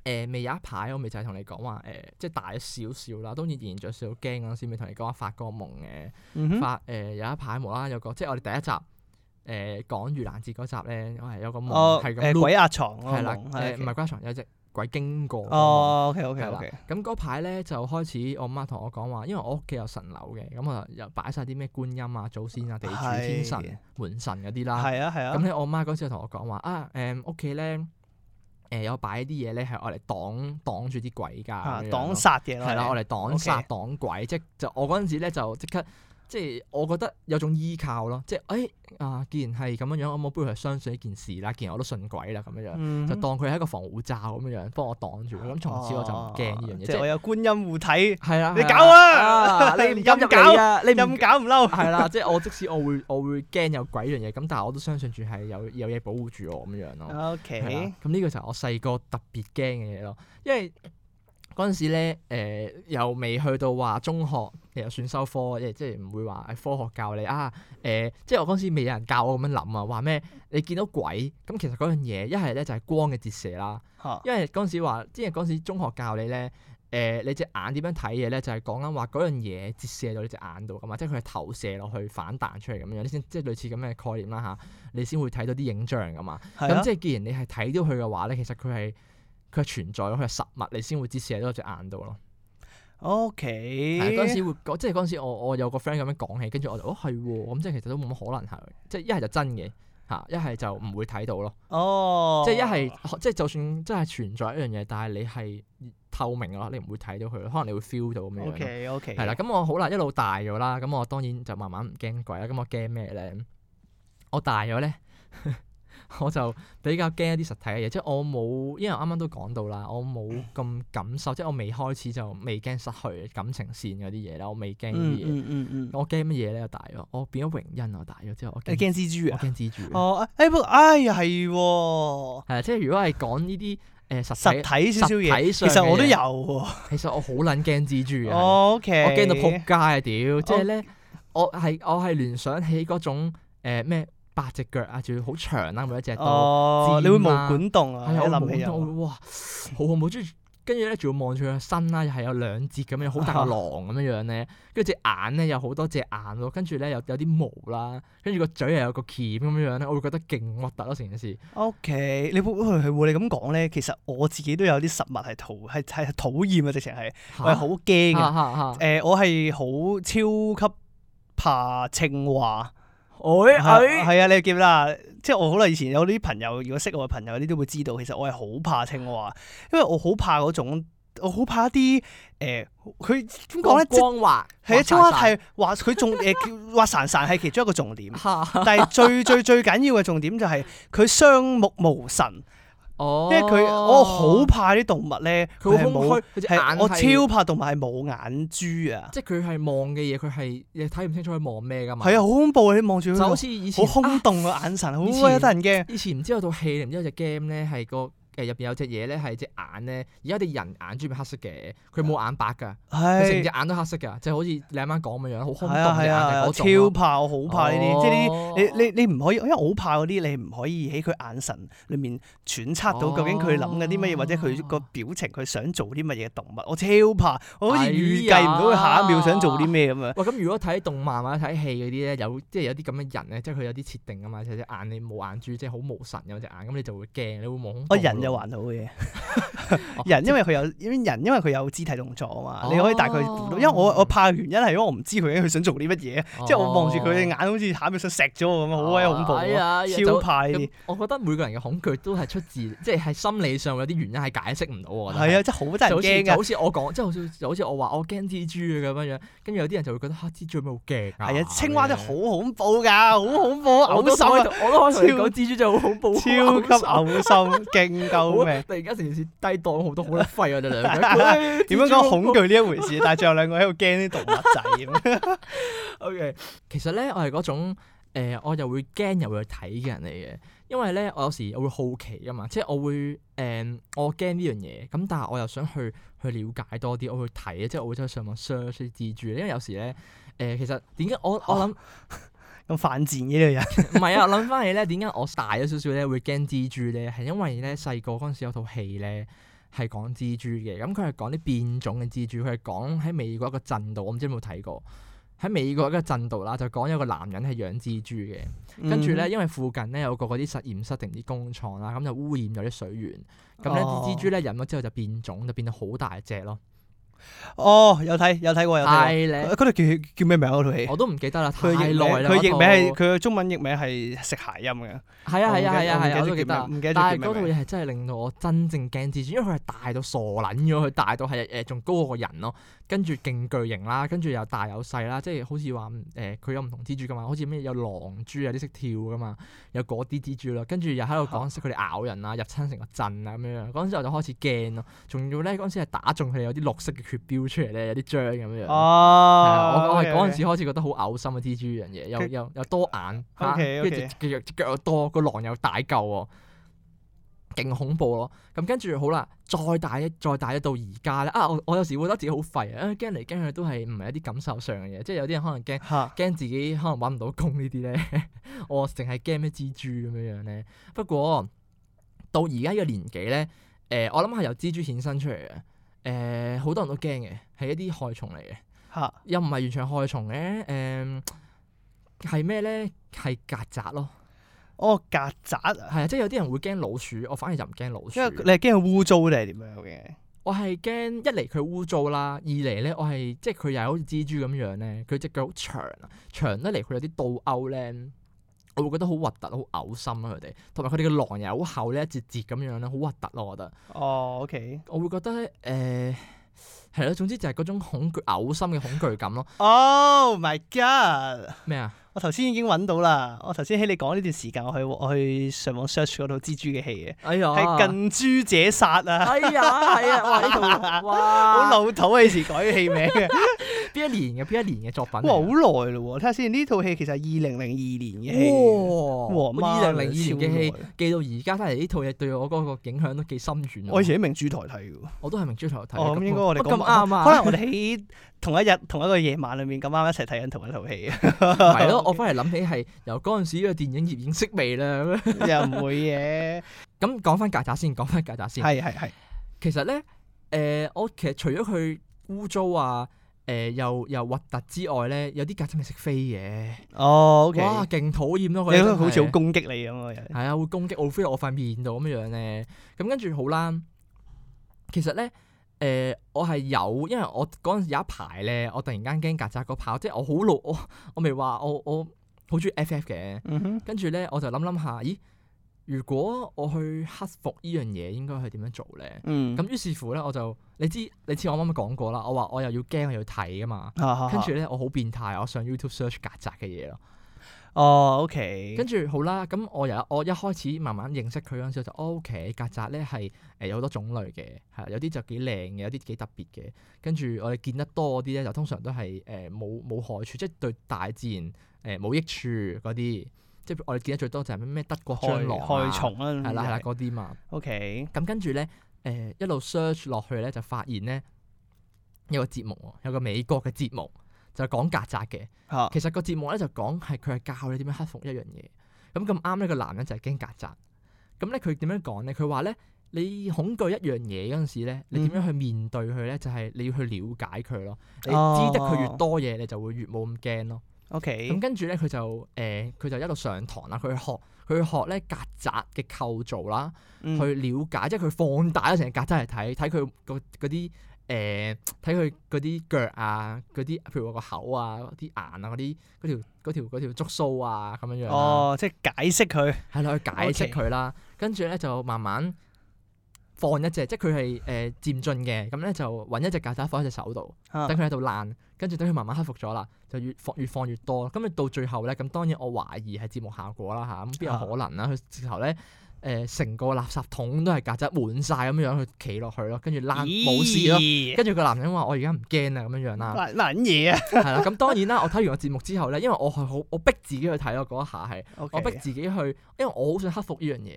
誒、呃、未有一排，我未就係同你講話誒，即係大咗少少啦。當然仍然著少少驚咁先，未同你講、嗯、哼發過夢嘅。發、呃、誒有一排無啦啦有個，即係我哋第一集誒、呃、講盂蘭節嗰集咧，我係有個夢，係咁、哦。呃、鬼壓、啊、床，係啦了，唔係鬼壓床，有隻鬼經過。哦，OK，OK，OK。咁嗰排咧就開始，我媽同我講話，因為我屋企有神樓嘅，咁我就又擺晒啲咩觀音啊、祖先啊、地主、天神、的門神嗰啲啦。係啊，係、嗯、啊。咁咧，我媽嗰時又同我講話啊，誒屋企咧。誒、呃、有擺啲嘢咧，係我嚟擋擋住啲鬼㗎，啊、擋殺嘅啦，係啦，我嚟擋殺 Okay. 擋鬼，即就我嗰陣時咧就即刻。即係我覺得有種依靠咯，即係誒、哎、啊！既然係咁樣樣，我冇不如去相信一件事啦。既然我都信鬼啦，咁樣、嗯、哼就當佢係一個防護罩咁樣，幫我擋住。咁、啊、從此我就唔驚呢樣嘢，啊、即係我有觀音護體。係啦、啊，你搞啊！啊你唔敢搞，你唔不搞唔嬲。係啦、 啊，即係我即使我會我會驚有鬼一樣嘢，咁但係我都相信住係有有嘢保護住我咁樣咯。OK、啊。咁呢個就係我細個特別驚嘅嘢咯，因為。嗰陣時咧，誒、呃、又未去到話中學又算選修科，即係即係唔會話科學教你啊。誒、呃，即係我嗰陣時未有人教我咁樣諗啊。話咩？你見到鬼咁，其實嗰樣嘢一係咧就係光嘅折射啦。啊、因為嗰陣時話，即係嗰陣時中學教你咧，誒、呃、你隻眼點樣睇嘢咧，就係講緊話嗰樣嘢折射到你隻眼度㗎嘛，即係佢係投射落去反彈出嚟咁樣先，即係類似咁嘅概念啦吓、啊，你先會睇到啲影像噶嘛。咁、啊、即係既然你係睇到佢嘅話咧，其實佢係。佢係存在咯，佢係實物，你先會折射喺多隻眼度咯。O K，嗰陣時會，即係嗰陣時我我有個 friend 咁樣講起，跟住我就哦係喎，咁即係其實都冇乜可能係，即係一係就真嘅嚇，一係就唔會睇到咯。哦、oh.，即係一係即係就算真係存在一樣嘢，但係你係透明咯，你唔會睇到佢，可能你會 feel 到咁樣。O K，係啦，咁我好啦，一路大咗啦，咁我當然就慢慢唔驚鬼啦。咁我驚咩咧？我大咗咧。 我就比較驚一啲實體嘅嘢，即係我冇，因為啱啱都講到啦，我冇咁感受，嗯、即係我未開始就未驚失去感情線嗰啲嘢啦，我未驚呢啲嘢。我驚乜嘢咧？大咗，我變咗榮恩啊！大咗之後，我驚蜘蛛啊！驚蜘蛛、啊。哦，哎，不過，哎呀，係喎、嗯。啊、哎呀，即係如果係講呢啲誒實體少少嘢，其實我都有喎、啊。 其實我好撚驚蜘蛛啊！OK 我驚到撲街啊屌！即係咧，我係我係聯想起嗰種誒咩？呃八隻腳啊，仲要好長啦、啊，每一隻都、啊嗯、你會毛管動啊，係啊、哎呀，毛管動哇，好恐怖。跟住咧，仲要望住佢個身啦，又係有兩節咁樣，好大狼咁樣樣咧。跟住隻眼咧，有好多隻眼咯。跟住咧，又有啲毛啦。跟住個嘴又有個鉗咁樣樣咧，我會覺得勁核突咯，成件事。O、okay, K，你會會你咁講咧，其實我自己都有啲實物係討係係討厭啊，直情係我係好驚啊！嚇、啊啊啊、我係好超級怕青蛙。哎、哦、哎，係啊，啊，你記啦，即係我可能以前有啲朋友，如果識我嘅朋友，你都會知道，其實我係好怕青蛙，因為我好怕嗰種，我好怕一啲誒，佢點講咧？光，光滑係，青蛙係，話佢仲誒，叫滑潺潺係其中一個重點， 但係最最最緊要嘅重點就係佢雙目無神。因為佢，我好怕啲動物咧，佢係冇，係我超怕動物係冇眼珠啊！即係佢係望嘅嘢，佢係睇唔清楚佢望咩噶嘛？係啊，好恐怖啊！你望住佢就好似以前好空洞個眼神，好得人驚。以前唔知有套戲，唔知有隻 game 咧，係個。入邊有隻嘢咧，係隻眼咧。而家啲人眼珠咪黑色嘅，佢冇眼白㗎，佢成、哎、呀隻眼都黑色㗎，就好似你啱啱講咁嘅樣，好空洞嘅我、哎、呀超怕，我好怕呢啲，哦、即係呢啲你你你唔可以，因為我好怕嗰啲，你唔可以喺佢眼神裏面揣測到究竟佢諗緊啲乜嘢，哦、或者佢個表情佢想做啲乜嘢動物，我超怕，我好似預計唔到佢下一秒想做啲咩咁啊！喂、哎呀，咁、哎呃呃、如果睇動漫或者睇戲嗰啲咧，有即係有啲咁嘅人咧，即係佢有啲設定啊嘛，就隻、是、眼你冇眼珠，即係好無神有隻眼，咁你就會驚，你會,會恐。啊有還好嘅人，因為佢有啲人，因為佢有肢體動作啊嘛，你可以大概估到。因為我我怕嘅原因係因為我唔知佢佢想做啲乜嘢，即係我望住佢嘅眼好似下一秒想錫咗我咁啊，好鬼恐怖啊，哎呀，超怕呢啲。我覺得每個人嘅恐懼都係出自即係心理上有啲原因係解釋唔到。係啊，真係好真係驚嘅。好似我講，即係好似我話我驚蜘蛛咁樣，跟住有啲人就會覺得嚇蜘蛛咪好驚。係啊，啊，青蛙都好恐怖㗎，好恐怖，噁心，我都開頭講蜘蛛真係好恐怖，超級噁心驚。救命！突然間成件事低檔好多，好浪費啊！就兩，點樣講恐懼呢一回事？ 但係仲有兩個喺度驚啲動物仔。 o、okay, K，其實咧，我係嗰種誒、呃，我又會驚，又會去睇嘅人嚟嘅。因為咧，我有時我會好奇噶嘛，即係我會誒、呃，我驚呢樣嘢，咁但係我又想去去了解多啲，我會睇，即係我會走去上網 search 啲字注。因為有時咧，誒、呃，其實點解我、啊、我諗想？ 咁犯賤呢類人？唔 係啊，諗翻起咧，點解我大咗少少咧會驚蜘蛛咧？係因為咧，細個嗰陣時有套戲咧係講蜘蛛嘅，咁佢係講啲變種嘅蜘蛛，佢係講喺美國一個鎮度，我唔知有冇睇過。喺美國一個鎮度啦，就講有個男人係養蜘蛛嘅，嗯、跟住咧因為附近咧有個嗰啲實驗室定啲工廠啦，咁就污染咗啲水源，咁咧啲蜘蛛咧飲咗之後就變種，就變到好大隻咯。哦，有睇有睇過有睇，嗰套佢叫叫咩名？嗰套戲我都唔記得啦，太耐啦。佢譯名係佢嘅中文譯名係食蟹音嘅，係啊係啊係啊係，我記得。但係嗰套嘢係真係令到我真正驚蜘蛛，因為佢係大到傻卵咗，佢大到係仲、呃、高過個人咯。跟住勁巨型啦，跟住又大又細啦，即係好似話佢有唔同蜘蛛噶嘛，好似咩有狼蛛有啲識跳噶嘛，有嗰啲蜘蛛啦。跟住又喺度講佢哋咬人啊，入侵成個鎮啊咁樣。嗰陣時我就開始驚咯，仲要咧嗰陣時係打中佢哋有啲綠色嘅。血飆出嚟咧，有啲漿咁樣樣。我我係嗰陣時開始覺得好嘔心啊！蜘蛛呢樣嘢，又又又多眼，跟住腳又多，個噓狼，狼又大嚿，勁恐怖咯。咁跟住好啦，再大一，再大一,一到而家咧。啊，我我有時會覺得自己好廢啊，驚嚟驚去都係唔係一啲感受上嘅嘢，即係有啲人可能驚驚自己可能搵唔到工呢啲咧。 我淨係驚咩蜘蛛咁樣樣咧。不過到而家呢個年紀咧，誒、呃呃，我諗係由蜘蛛衍生出嚟嘅。誒好、呃、多人都驚嘅，係一啲害蟲嚟嘅，哈又唔係完全害蟲嘅，誒係咩咧？係曱甴咯。哦，曱甴，係啊！即係有啲人會驚老鼠，我反而就唔驚老鼠。因為你係驚佢污糟定係點樣嘅？我係驚一嚟佢污糟啦，二嚟咧我係即係佢又係好似蜘蛛咁樣咧，佢隻腳好長啊，長得嚟佢有啲倒勾咧。我會覺得好核突，好嘔心啦佢哋，同埋佢哋嘅狼又好厚咧一節節咁樣咧，好核突咯我覺得。哦、oh，OK，我會覺得咧，誒、呃，係咯，總之就係嗰種恐懼、嘔心嘅恐懼感咯。Oh my god！咩啊？我頭先已經揾到啦！我頭先喺你講呢段時間，我去我去上網 search 嗰套蜘蛛嘅戲嘅，係近朱者殺啊！係啊，係啊！哇，呢套哇好老土啊，以前改戲名嘅，邊一年嘅？邊一年嘅作品？哇，好耐啦！睇下先，呢套戲其實係二零零二年嘅戲，二零零二年嘅戲，記到而家睇嚟呢套嘢對我嗰個影響都幾深遠。我以前喺明珠台睇嘅，我都係明珠台睇。咁應該我哋講，可能我哋喺。同一日同一個夜晚裏面咁啱一齊睇緊同一套戲，係咯，我翻嚟諗起係由嗰陣呢個電影業認識未啦，咁樣又唔會嘅。咁講翻曱甴先，講翻曱甴先。係係係。 其實咧，誒、呃，我其實除咗佢污糟啊，誒、呃，又又核突之外咧，有啲曱甴係識飛嘅。哦，oh, okay, 哇，勁討厭咯！佢好似好攻擊你咁樣？係啊， 會攻擊我飛到我塊面度咁樣樣咧。咁跟住好啦，其實咧。誒、呃，我係有，因為我嗰陣時有一排咧，我突然間驚曱甴個炮，即係我好老，我我咪話我我好中意 FF 嘅，跟住咧我就諗諗下，咦，如果我去克服依樣嘢，應該係點樣做咧？咁、嗯、於是乎咧，我就你知，你知，你知我啱啱講過啦，我話我又要驚又要睇噶嘛，跟住咧我好變態，我上 YouTube search 曱甴嘅嘢咯。哦、oh，OK。跟住好啦，咁我由我一開始慢慢認識佢嗰陣時候就，就 OK。曱甴咧係誒有好多種類嘅，係啦，有啲就幾靚嘅，有啲幾特別嘅。跟住我哋見得多啲咧，就通常都係誒冇冇害處，即係對大自然誒冇、呃、益處嗰啲。即係我哋見得最多就係咩咩德國害害、啊、蟲啊，係啦係啦嗰啲嘛。OK。咁跟住咧誒一路 search 落去咧，就發現咧有個節目喎，有個美國嘅節目。就係講曱甴嘅，啊、其實個節目咧就講係佢係教你點樣克服一樣嘢。咁咁啱呢個男人就係驚曱甴。咁咧佢點樣講咧？佢話咧，你恐懼一樣嘢嗰陣時咧，你點樣去面對佢咧？就係、是、你要去了解佢咯。嗯、你知得佢越多嘢，哦、你就會越冇咁驚咯。OK。咁跟住咧，佢就誒，佢、呃、就一路上堂啦。佢去學佢去學咧曱甴嘅構造啦，嗯、去了解，即係佢放大咗成隻曱甴嚟睇，睇佢嗰啲。誒，睇佢嗰啲腳啊，嗰啲譬如話個口啊，啲眼啊，嗰啲嗰條嗰條嗰條觸鬚啊，咁樣樣、啊、哦，即係解釋佢，係咯， 去解釋佢啦。跟住咧就慢慢放一隻，即係佢係誒漸進嘅。咁咧就揾一隻曱甴放喺隻手度，等佢喺度爛，跟住等佢慢慢克服咗啦，就越放越放越多。咁你到最後咧，咁當然我懷疑係節目效果啦嚇，咁、啊、邊有可能啦？佢直頭咧。 誒成、呃、個垃圾桶都係曱甴滿晒咁樣樣去企落去咯，跟住冇事咯。跟住個男人話： 我而家唔驚啊咁樣樣啦。撚嘢啊！係啦，咁當然啦。我睇完個節目之後咧，因為我係好，我逼自己去睇咯。嗰一下係 Okay. 我逼自己去，因為我好想克服呢樣嘢，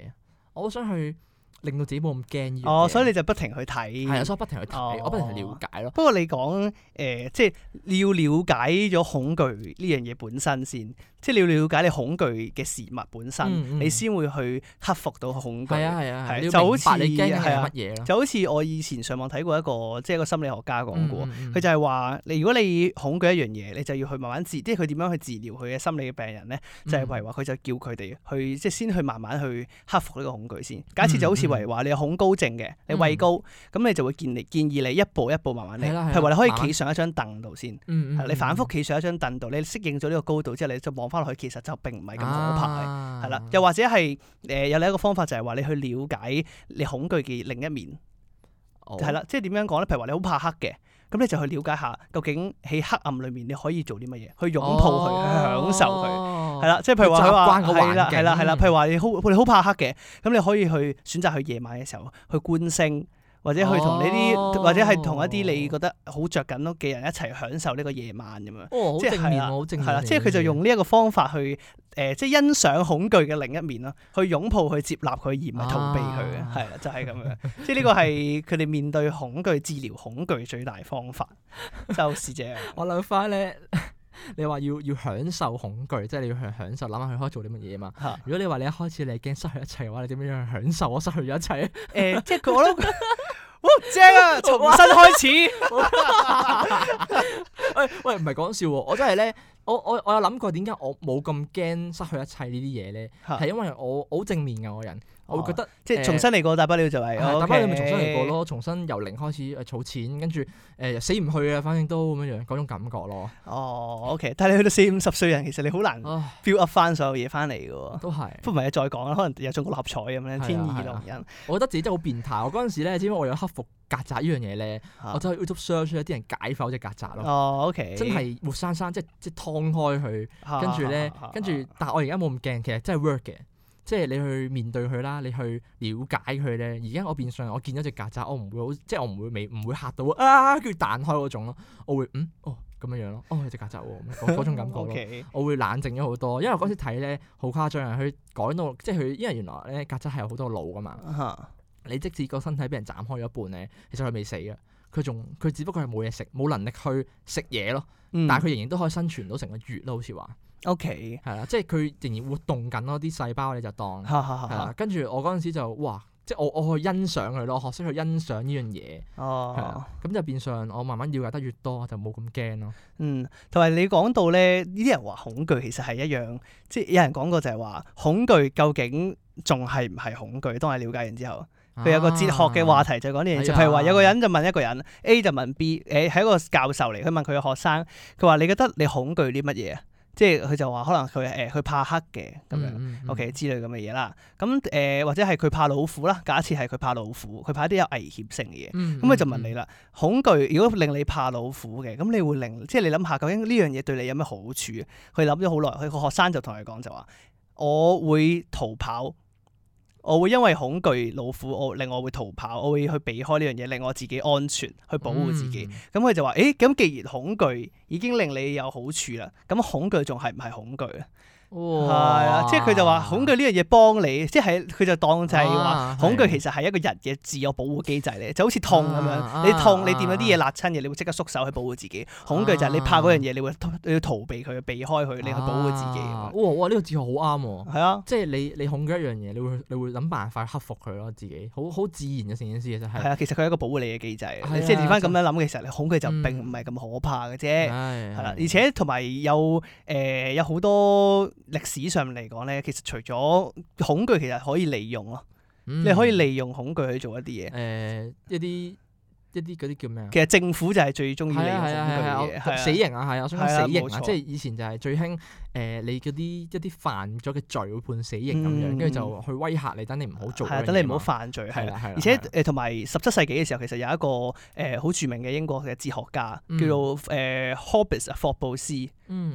我好想去令到自己冇咁驚呢樣嘢哦，oh, 所以你就不停去睇，係啊，所以不停去睇，oh. 我不停去了解咯。不過你講誒、呃，即係你要了解咗恐懼呢樣嘢本身先。即係你要了解你恐懼嘅事物本身，你先會去克服到恐懼。就好似乜嘢？就好似我以前上網睇過一個，即係一個心理學家講過，佢就係話你如果你恐懼一樣嘢，你就要去慢慢治，即係佢點樣去治療佢嘅心理嘅病人咧？就係話佢就叫佢哋去即係先去慢慢去克服呢個恐懼先。假設就好似為話你恐高症嘅，你畏高，咁你就會建建議你一步一步慢慢嚟，你係話你可以企上一張凳度先，你反覆企上一張凳度，你適應咗呢個高度之後，你就望。翻落去其實就並唔係咁可怕嘅，係啦、啊，又或者係誒、呃、有另一個方法，就係話你去了解你恐懼嘅另一面，係啦、哦，即係點樣講咧？譬如話你好怕黑嘅，咁你就去了解下究竟喺黑暗裏面你可以做啲乜嘢，去擁抱佢，哦、去享受佢，係啦、哦，即係譬如話，就關個環境，係啦係啦，譬如話你好你好怕黑嘅，咁你可以去選擇去夜晚嘅時候去觀星。或者去同呢啲，或者係同一啲你覺得好着緊屋企人一齊享受呢個夜晚咁樣，哦、即係係啦，係啦，是即係佢就用呢一個方法去誒、嗯呃，即係欣賞恐懼嘅另一面咯，去擁抱去接納佢而唔係逃避佢嘅，係啦、啊，就係、是、咁樣，即係呢個係佢哋面對恐懼、 治療恐懼最大方法，就是這樣。 我諗翻咧。你話要要享受恐懼，即係你要去享受諗下佢可以做啲乜嘢嘛？啊、如果你話你一開始你係驚失去一切嘅話，你點樣去享受我失去咗一切？誒、 欸，即係佢話咯，哇、 哦，正啊，重新開始。喂 喂，唔係講笑，我真係咧。我我我有諗過點解我冇咁驚失去一切呢啲嘢咧？係 因為我好正面嘅我人，我會覺得、哦、即係重新嚟過大不了就係、是、大不了咪重新嚟過咯，重新，過重新由零開始誒儲、嗯、錢，跟住誒、呃、死唔去啊，反正都咁樣樣嗰種感覺咯。哦，O、okay, K，但係你去到四五十歲人，其實你好難 build up 翻唉所有嘢翻嚟嘅喎。都係是，不如咪再講啦，可能又中個六合彩咁樣，天意弄人、啊啊。我覺得自己真係好變態。我嗰陣時咧，知唔知我有克服？曱甴呢樣嘢咧，啊、我走去 YouTube search 一啲人解剖隻曱甴咯，哦 okay、真係活生生即係即係劏開佢，啊、跟住咧，跟住、啊，啊、但係我而家冇咁驚，其實真係 work 嘅，即係你去面對佢啦，你去了解佢咧。而家我變相，我見到隻曱甴，我唔會好，即係我唔會未唔會嚇到啊，叫彈開嗰種咯。我會嗯，哦咁樣樣咯，哦隻曱甴喎，嗰種感覺咯， okay 我會冷靜咗好多，因為嗰時睇咧好誇張啊，佢講到即係佢，因為原來咧曱甴係有好多腦噶嘛。嗯你即使個身體俾人斬開咗一半咧，其實佢未死嘅，佢仲佢只不過係冇嘢食，冇能力去食嘢咯。嗯、但係佢仍然都可以生存到成個月咯，好似話。OK，係啦，即係佢仍然活動緊咯。啲細胞你就當， 跟住我嗰陣時就哇，即係我我去欣賞佢咯，學識去欣賞呢樣嘢。哦，咁就變相我慢慢了解得越多，就冇咁驚咯。嗯，同埋你講到咧，呢啲人話恐懼其實係一樣，即係有人講過就係話恐懼究竟仲係唔係恐懼？當你了解完之後。佢有個哲學嘅話題就講呢樣嘢，譬、啊哎、如話有個人就問一個人、哎、呀 A 就問 B，誒、欸、係一個教授嚟，佢問佢嘅學生，佢話你覺得你恐懼啲乜嘢啊？即係佢就話可能佢誒佢怕黑嘅，咁樣嗯嗯嗯，OK 之類咁嘅嘢啦。咁誒、呃、或者係佢怕老虎啦，假設係佢怕老虎，佢怕啲有危險性嘅嘢。咁佢、嗯嗯嗯、就問你啦，恐懼如果令你怕老虎嘅，咁你會令即係你諗下究竟呢樣嘢對你有咩好處？佢諗咗好耐，佢個學生就同佢講，就話，我會逃跑。我會因為恐懼老虎，我令我會逃跑，我會去避開呢樣嘢，令我自己安全，去保護自己。咁佢、嗯、就話，誒，咁既然恐懼已經令你有好處啦，咁恐懼仲係唔係恐懼啊？係啊，即係佢就話恐懼呢樣嘢幫你，即係佢就當就係話恐懼其實係一個人嘅自我保護機制嚟，就好似痛咁樣，你痛你掂咗啲嘢辣親嘢，你會即刻縮手去保護自己。恐懼就係你怕嗰樣嘢，你會你要逃避佢，避開佢，你去保護自己。哇呢個字好啱喎！係啊，即係你你恐懼一樣嘢，你會你會諗辦法克服佢咯，自己好好自然嘅，成件事其實其實佢係一個保護你嘅機制，即係翻咁樣諗嘅時候，其實恐懼就並唔係咁可怕嘅啫，而且同埋有誒有好多。歷史上面嚟講咧，其實除咗恐懼，其實可以利用咯，嗯、你可以利用恐懼去做一啲嘢，誒一啲。一啲嗰啲叫咩啊？其實政府就係最中意你嘅死刑啊，係啊，我想講死刑啊，即係以前就係最興誒，你嗰啲一啲犯咗嘅罪會判死刑咁樣，跟住就去威嚇你，等你唔好做，等你唔好犯罪。係啦，而且誒同埋十七世紀嘅時候，其實有一個誒好著名嘅英國嘅哲學家叫做誒霍布斯啊，霍布斯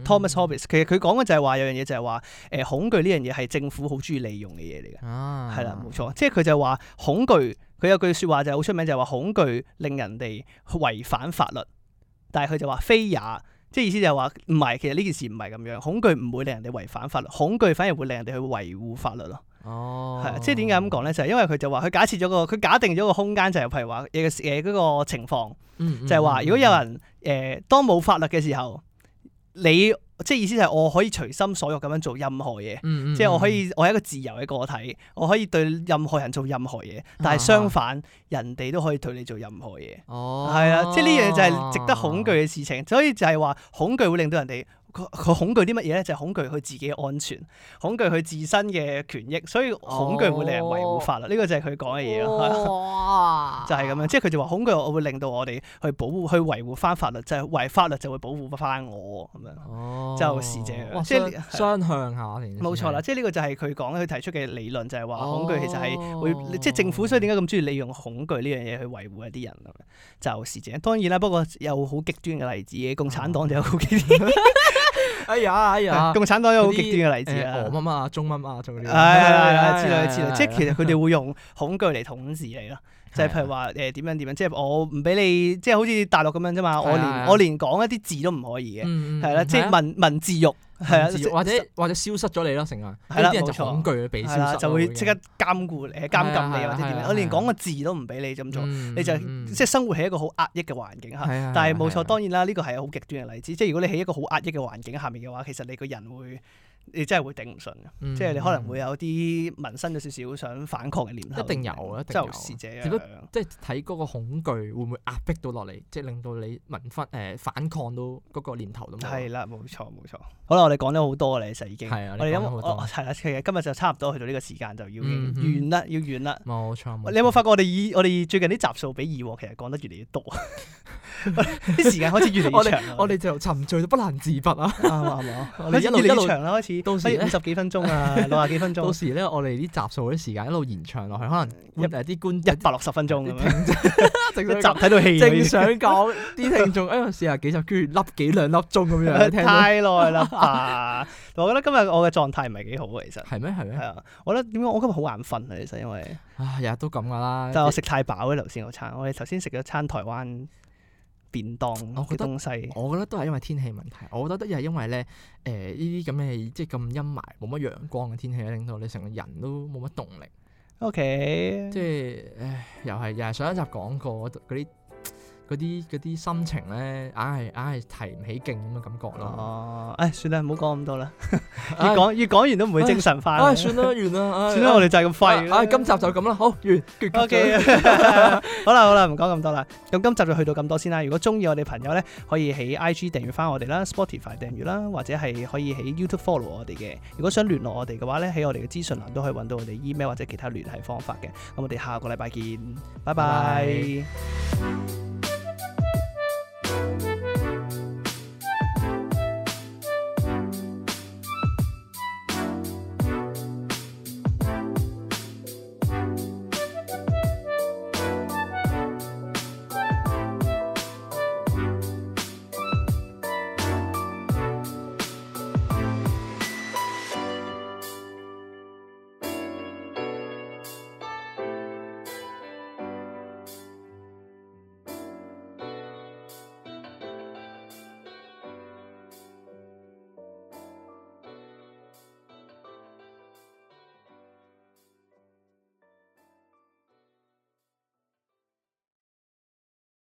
Thomas Hobbes，其實佢講嘅就係話有樣嘢就係話誒恐懼呢樣嘢係政府好中意利用嘅嘢嚟嘅，係啦，冇錯，即係佢就係話恐懼。佢有句説話就係好出名，就係話恐懼令人哋違反法律，但係佢就話非也，即係意思就係話唔係，其實呢件事唔係咁樣，恐懼唔會令人哋違反法律，恐懼反而會令人哋去維護法律咯。哦，係即係點解咁講咧？就係因為佢就話佢假設咗個佢假定咗個空間就係話譬如話嗰個情況，就係話如果有人誒、呃、當冇法律嘅時候。你即係意思就係，我可以隨心所欲咁樣做任何嘢，嗯嗯嗯即係我可以我係一個自由嘅個體，我可以對任何人做任何嘢，但係相反，啊、人哋都可以對你做任何嘢，係啊、哦，即係呢樣就係值得恐懼嘅事情，所以就係話恐懼會令到人哋。佢佢恐懼啲乜嘢咧？就係、是、恐懼佢自己嘅安全，恐懼佢自身嘅權益，所以恐懼會令人維護法律。呢、哦、個就係佢講嘅嘢啊！哇、哦， 就係咁樣，即係佢就話恐懼我會令到我哋去保護去維護翻法律，就係、是、違法律就會保護不翻我咁樣。哦，就係、是、者，即係雙向吓，冇錯是是啦。即係呢個就係佢講佢提出嘅理論，就係、是、話恐懼其實係會，即係、哦、政府所以點解咁中意利用恐懼呢樣嘢去維護一啲人咁、哦、樣？就係、是、者，當然啦，不過有好極端嘅例子，共產黨就有。好極端 哎呀，哎呀，共產黨有好極端嘅例子啊、呃，俄乜乜啊，中乜乜啊，做嗰啲，係係係，之類之類，即係其實佢哋會用恐懼嚟統治你咯。就係譬如話誒點樣點樣，即係我唔俾你，即係好似大陸咁樣啫嘛。我連我連講一啲字都唔可以嘅，係啦，即係文文字獄，係啊，或者或者消失咗你咯，成啊，係啦，啲人就恐懼俾，就會即刻監護你，監禁你或者點樣。我連講個字都唔俾你咁做，你就即係生活喺一個好壓抑嘅環境下。但係冇錯，當然啦，呢個係好極端嘅例子。即係如果你喺一個好壓抑嘅環境下面嘅話，其實你個人會。你真係會頂唔順，即係你可能會有啲萌生咗少少想反抗嘅念頭。一定有，一定有，就是這即係睇嗰個恐懼會唔會壓迫到落嚟，即係令到你萌發誒反抗到嗰個念頭咁。係啦，冇錯冇錯。好啦，我哋講咗好多咧，其實已經係啊，你諗好多係今日就差唔多去到呢個時間就要完啦，要完啦。冇錯。你有冇發覺我哋以我哋最近啲集數比以往其實講得越嚟越多。啲時間開始越嚟越長。我哋就沉醉到不能自拔啊！係嘛？係嘛？一路長啦，開始。到時五十幾分鐘啊，六十幾分鐘。到時咧，我哋啲集數啲時間一路延長落去，可能入嚟啲觀一百六十分鐘咁樣，集睇到氣。正想講說啲 說 聽眾，哎呀四啊幾集，居然凹幾兩粒鐘咁樣，你聽 太耐啦！啊、 我覺得今日我嘅狀態唔係幾好其實。係咩係咩？係啊， 我覺得點解我今日好眼瞓啊，其實因為 啊，日日都咁噶啦。就係我食太飽咧，頭先嗰餐，我哋頭先食咗餐台灣。便當嘅東西我覺得，我覺得都係因為天氣問題。我覺得都係因為咧，誒呢啲咁嘅即係咁陰霾，冇乜陽光嘅天氣咧，令到你成個人都冇乜動力。OK，即係誒，又係又係上一集講過嗰啲。嗰啲啲心情咧，硬係硬係提唔起勁咁嘅感覺咯。哦，哎，算啦，唔好講咁多啦。越講越講完都唔會精神化。哎，算啦，完啦。算啦，我哋就係咁廢。哎，今集就咁啦。好，完。O Okay . K。 好啦好啦，唔講咁多啦。咁今集就去到咁多先啦。如果中意我哋朋友咧，可以喺 I G 訂閲翻我哋啦，Spotify 訂閲啦， 或者係可以喺 YouTube follow 我哋嘅。如果想聯絡我哋嘅話咧，喺我哋嘅資訊欄都可以揾到我哋 email 或者其他聯繫方法嘅。咁我哋下個禮拜見，拜拜。Bye.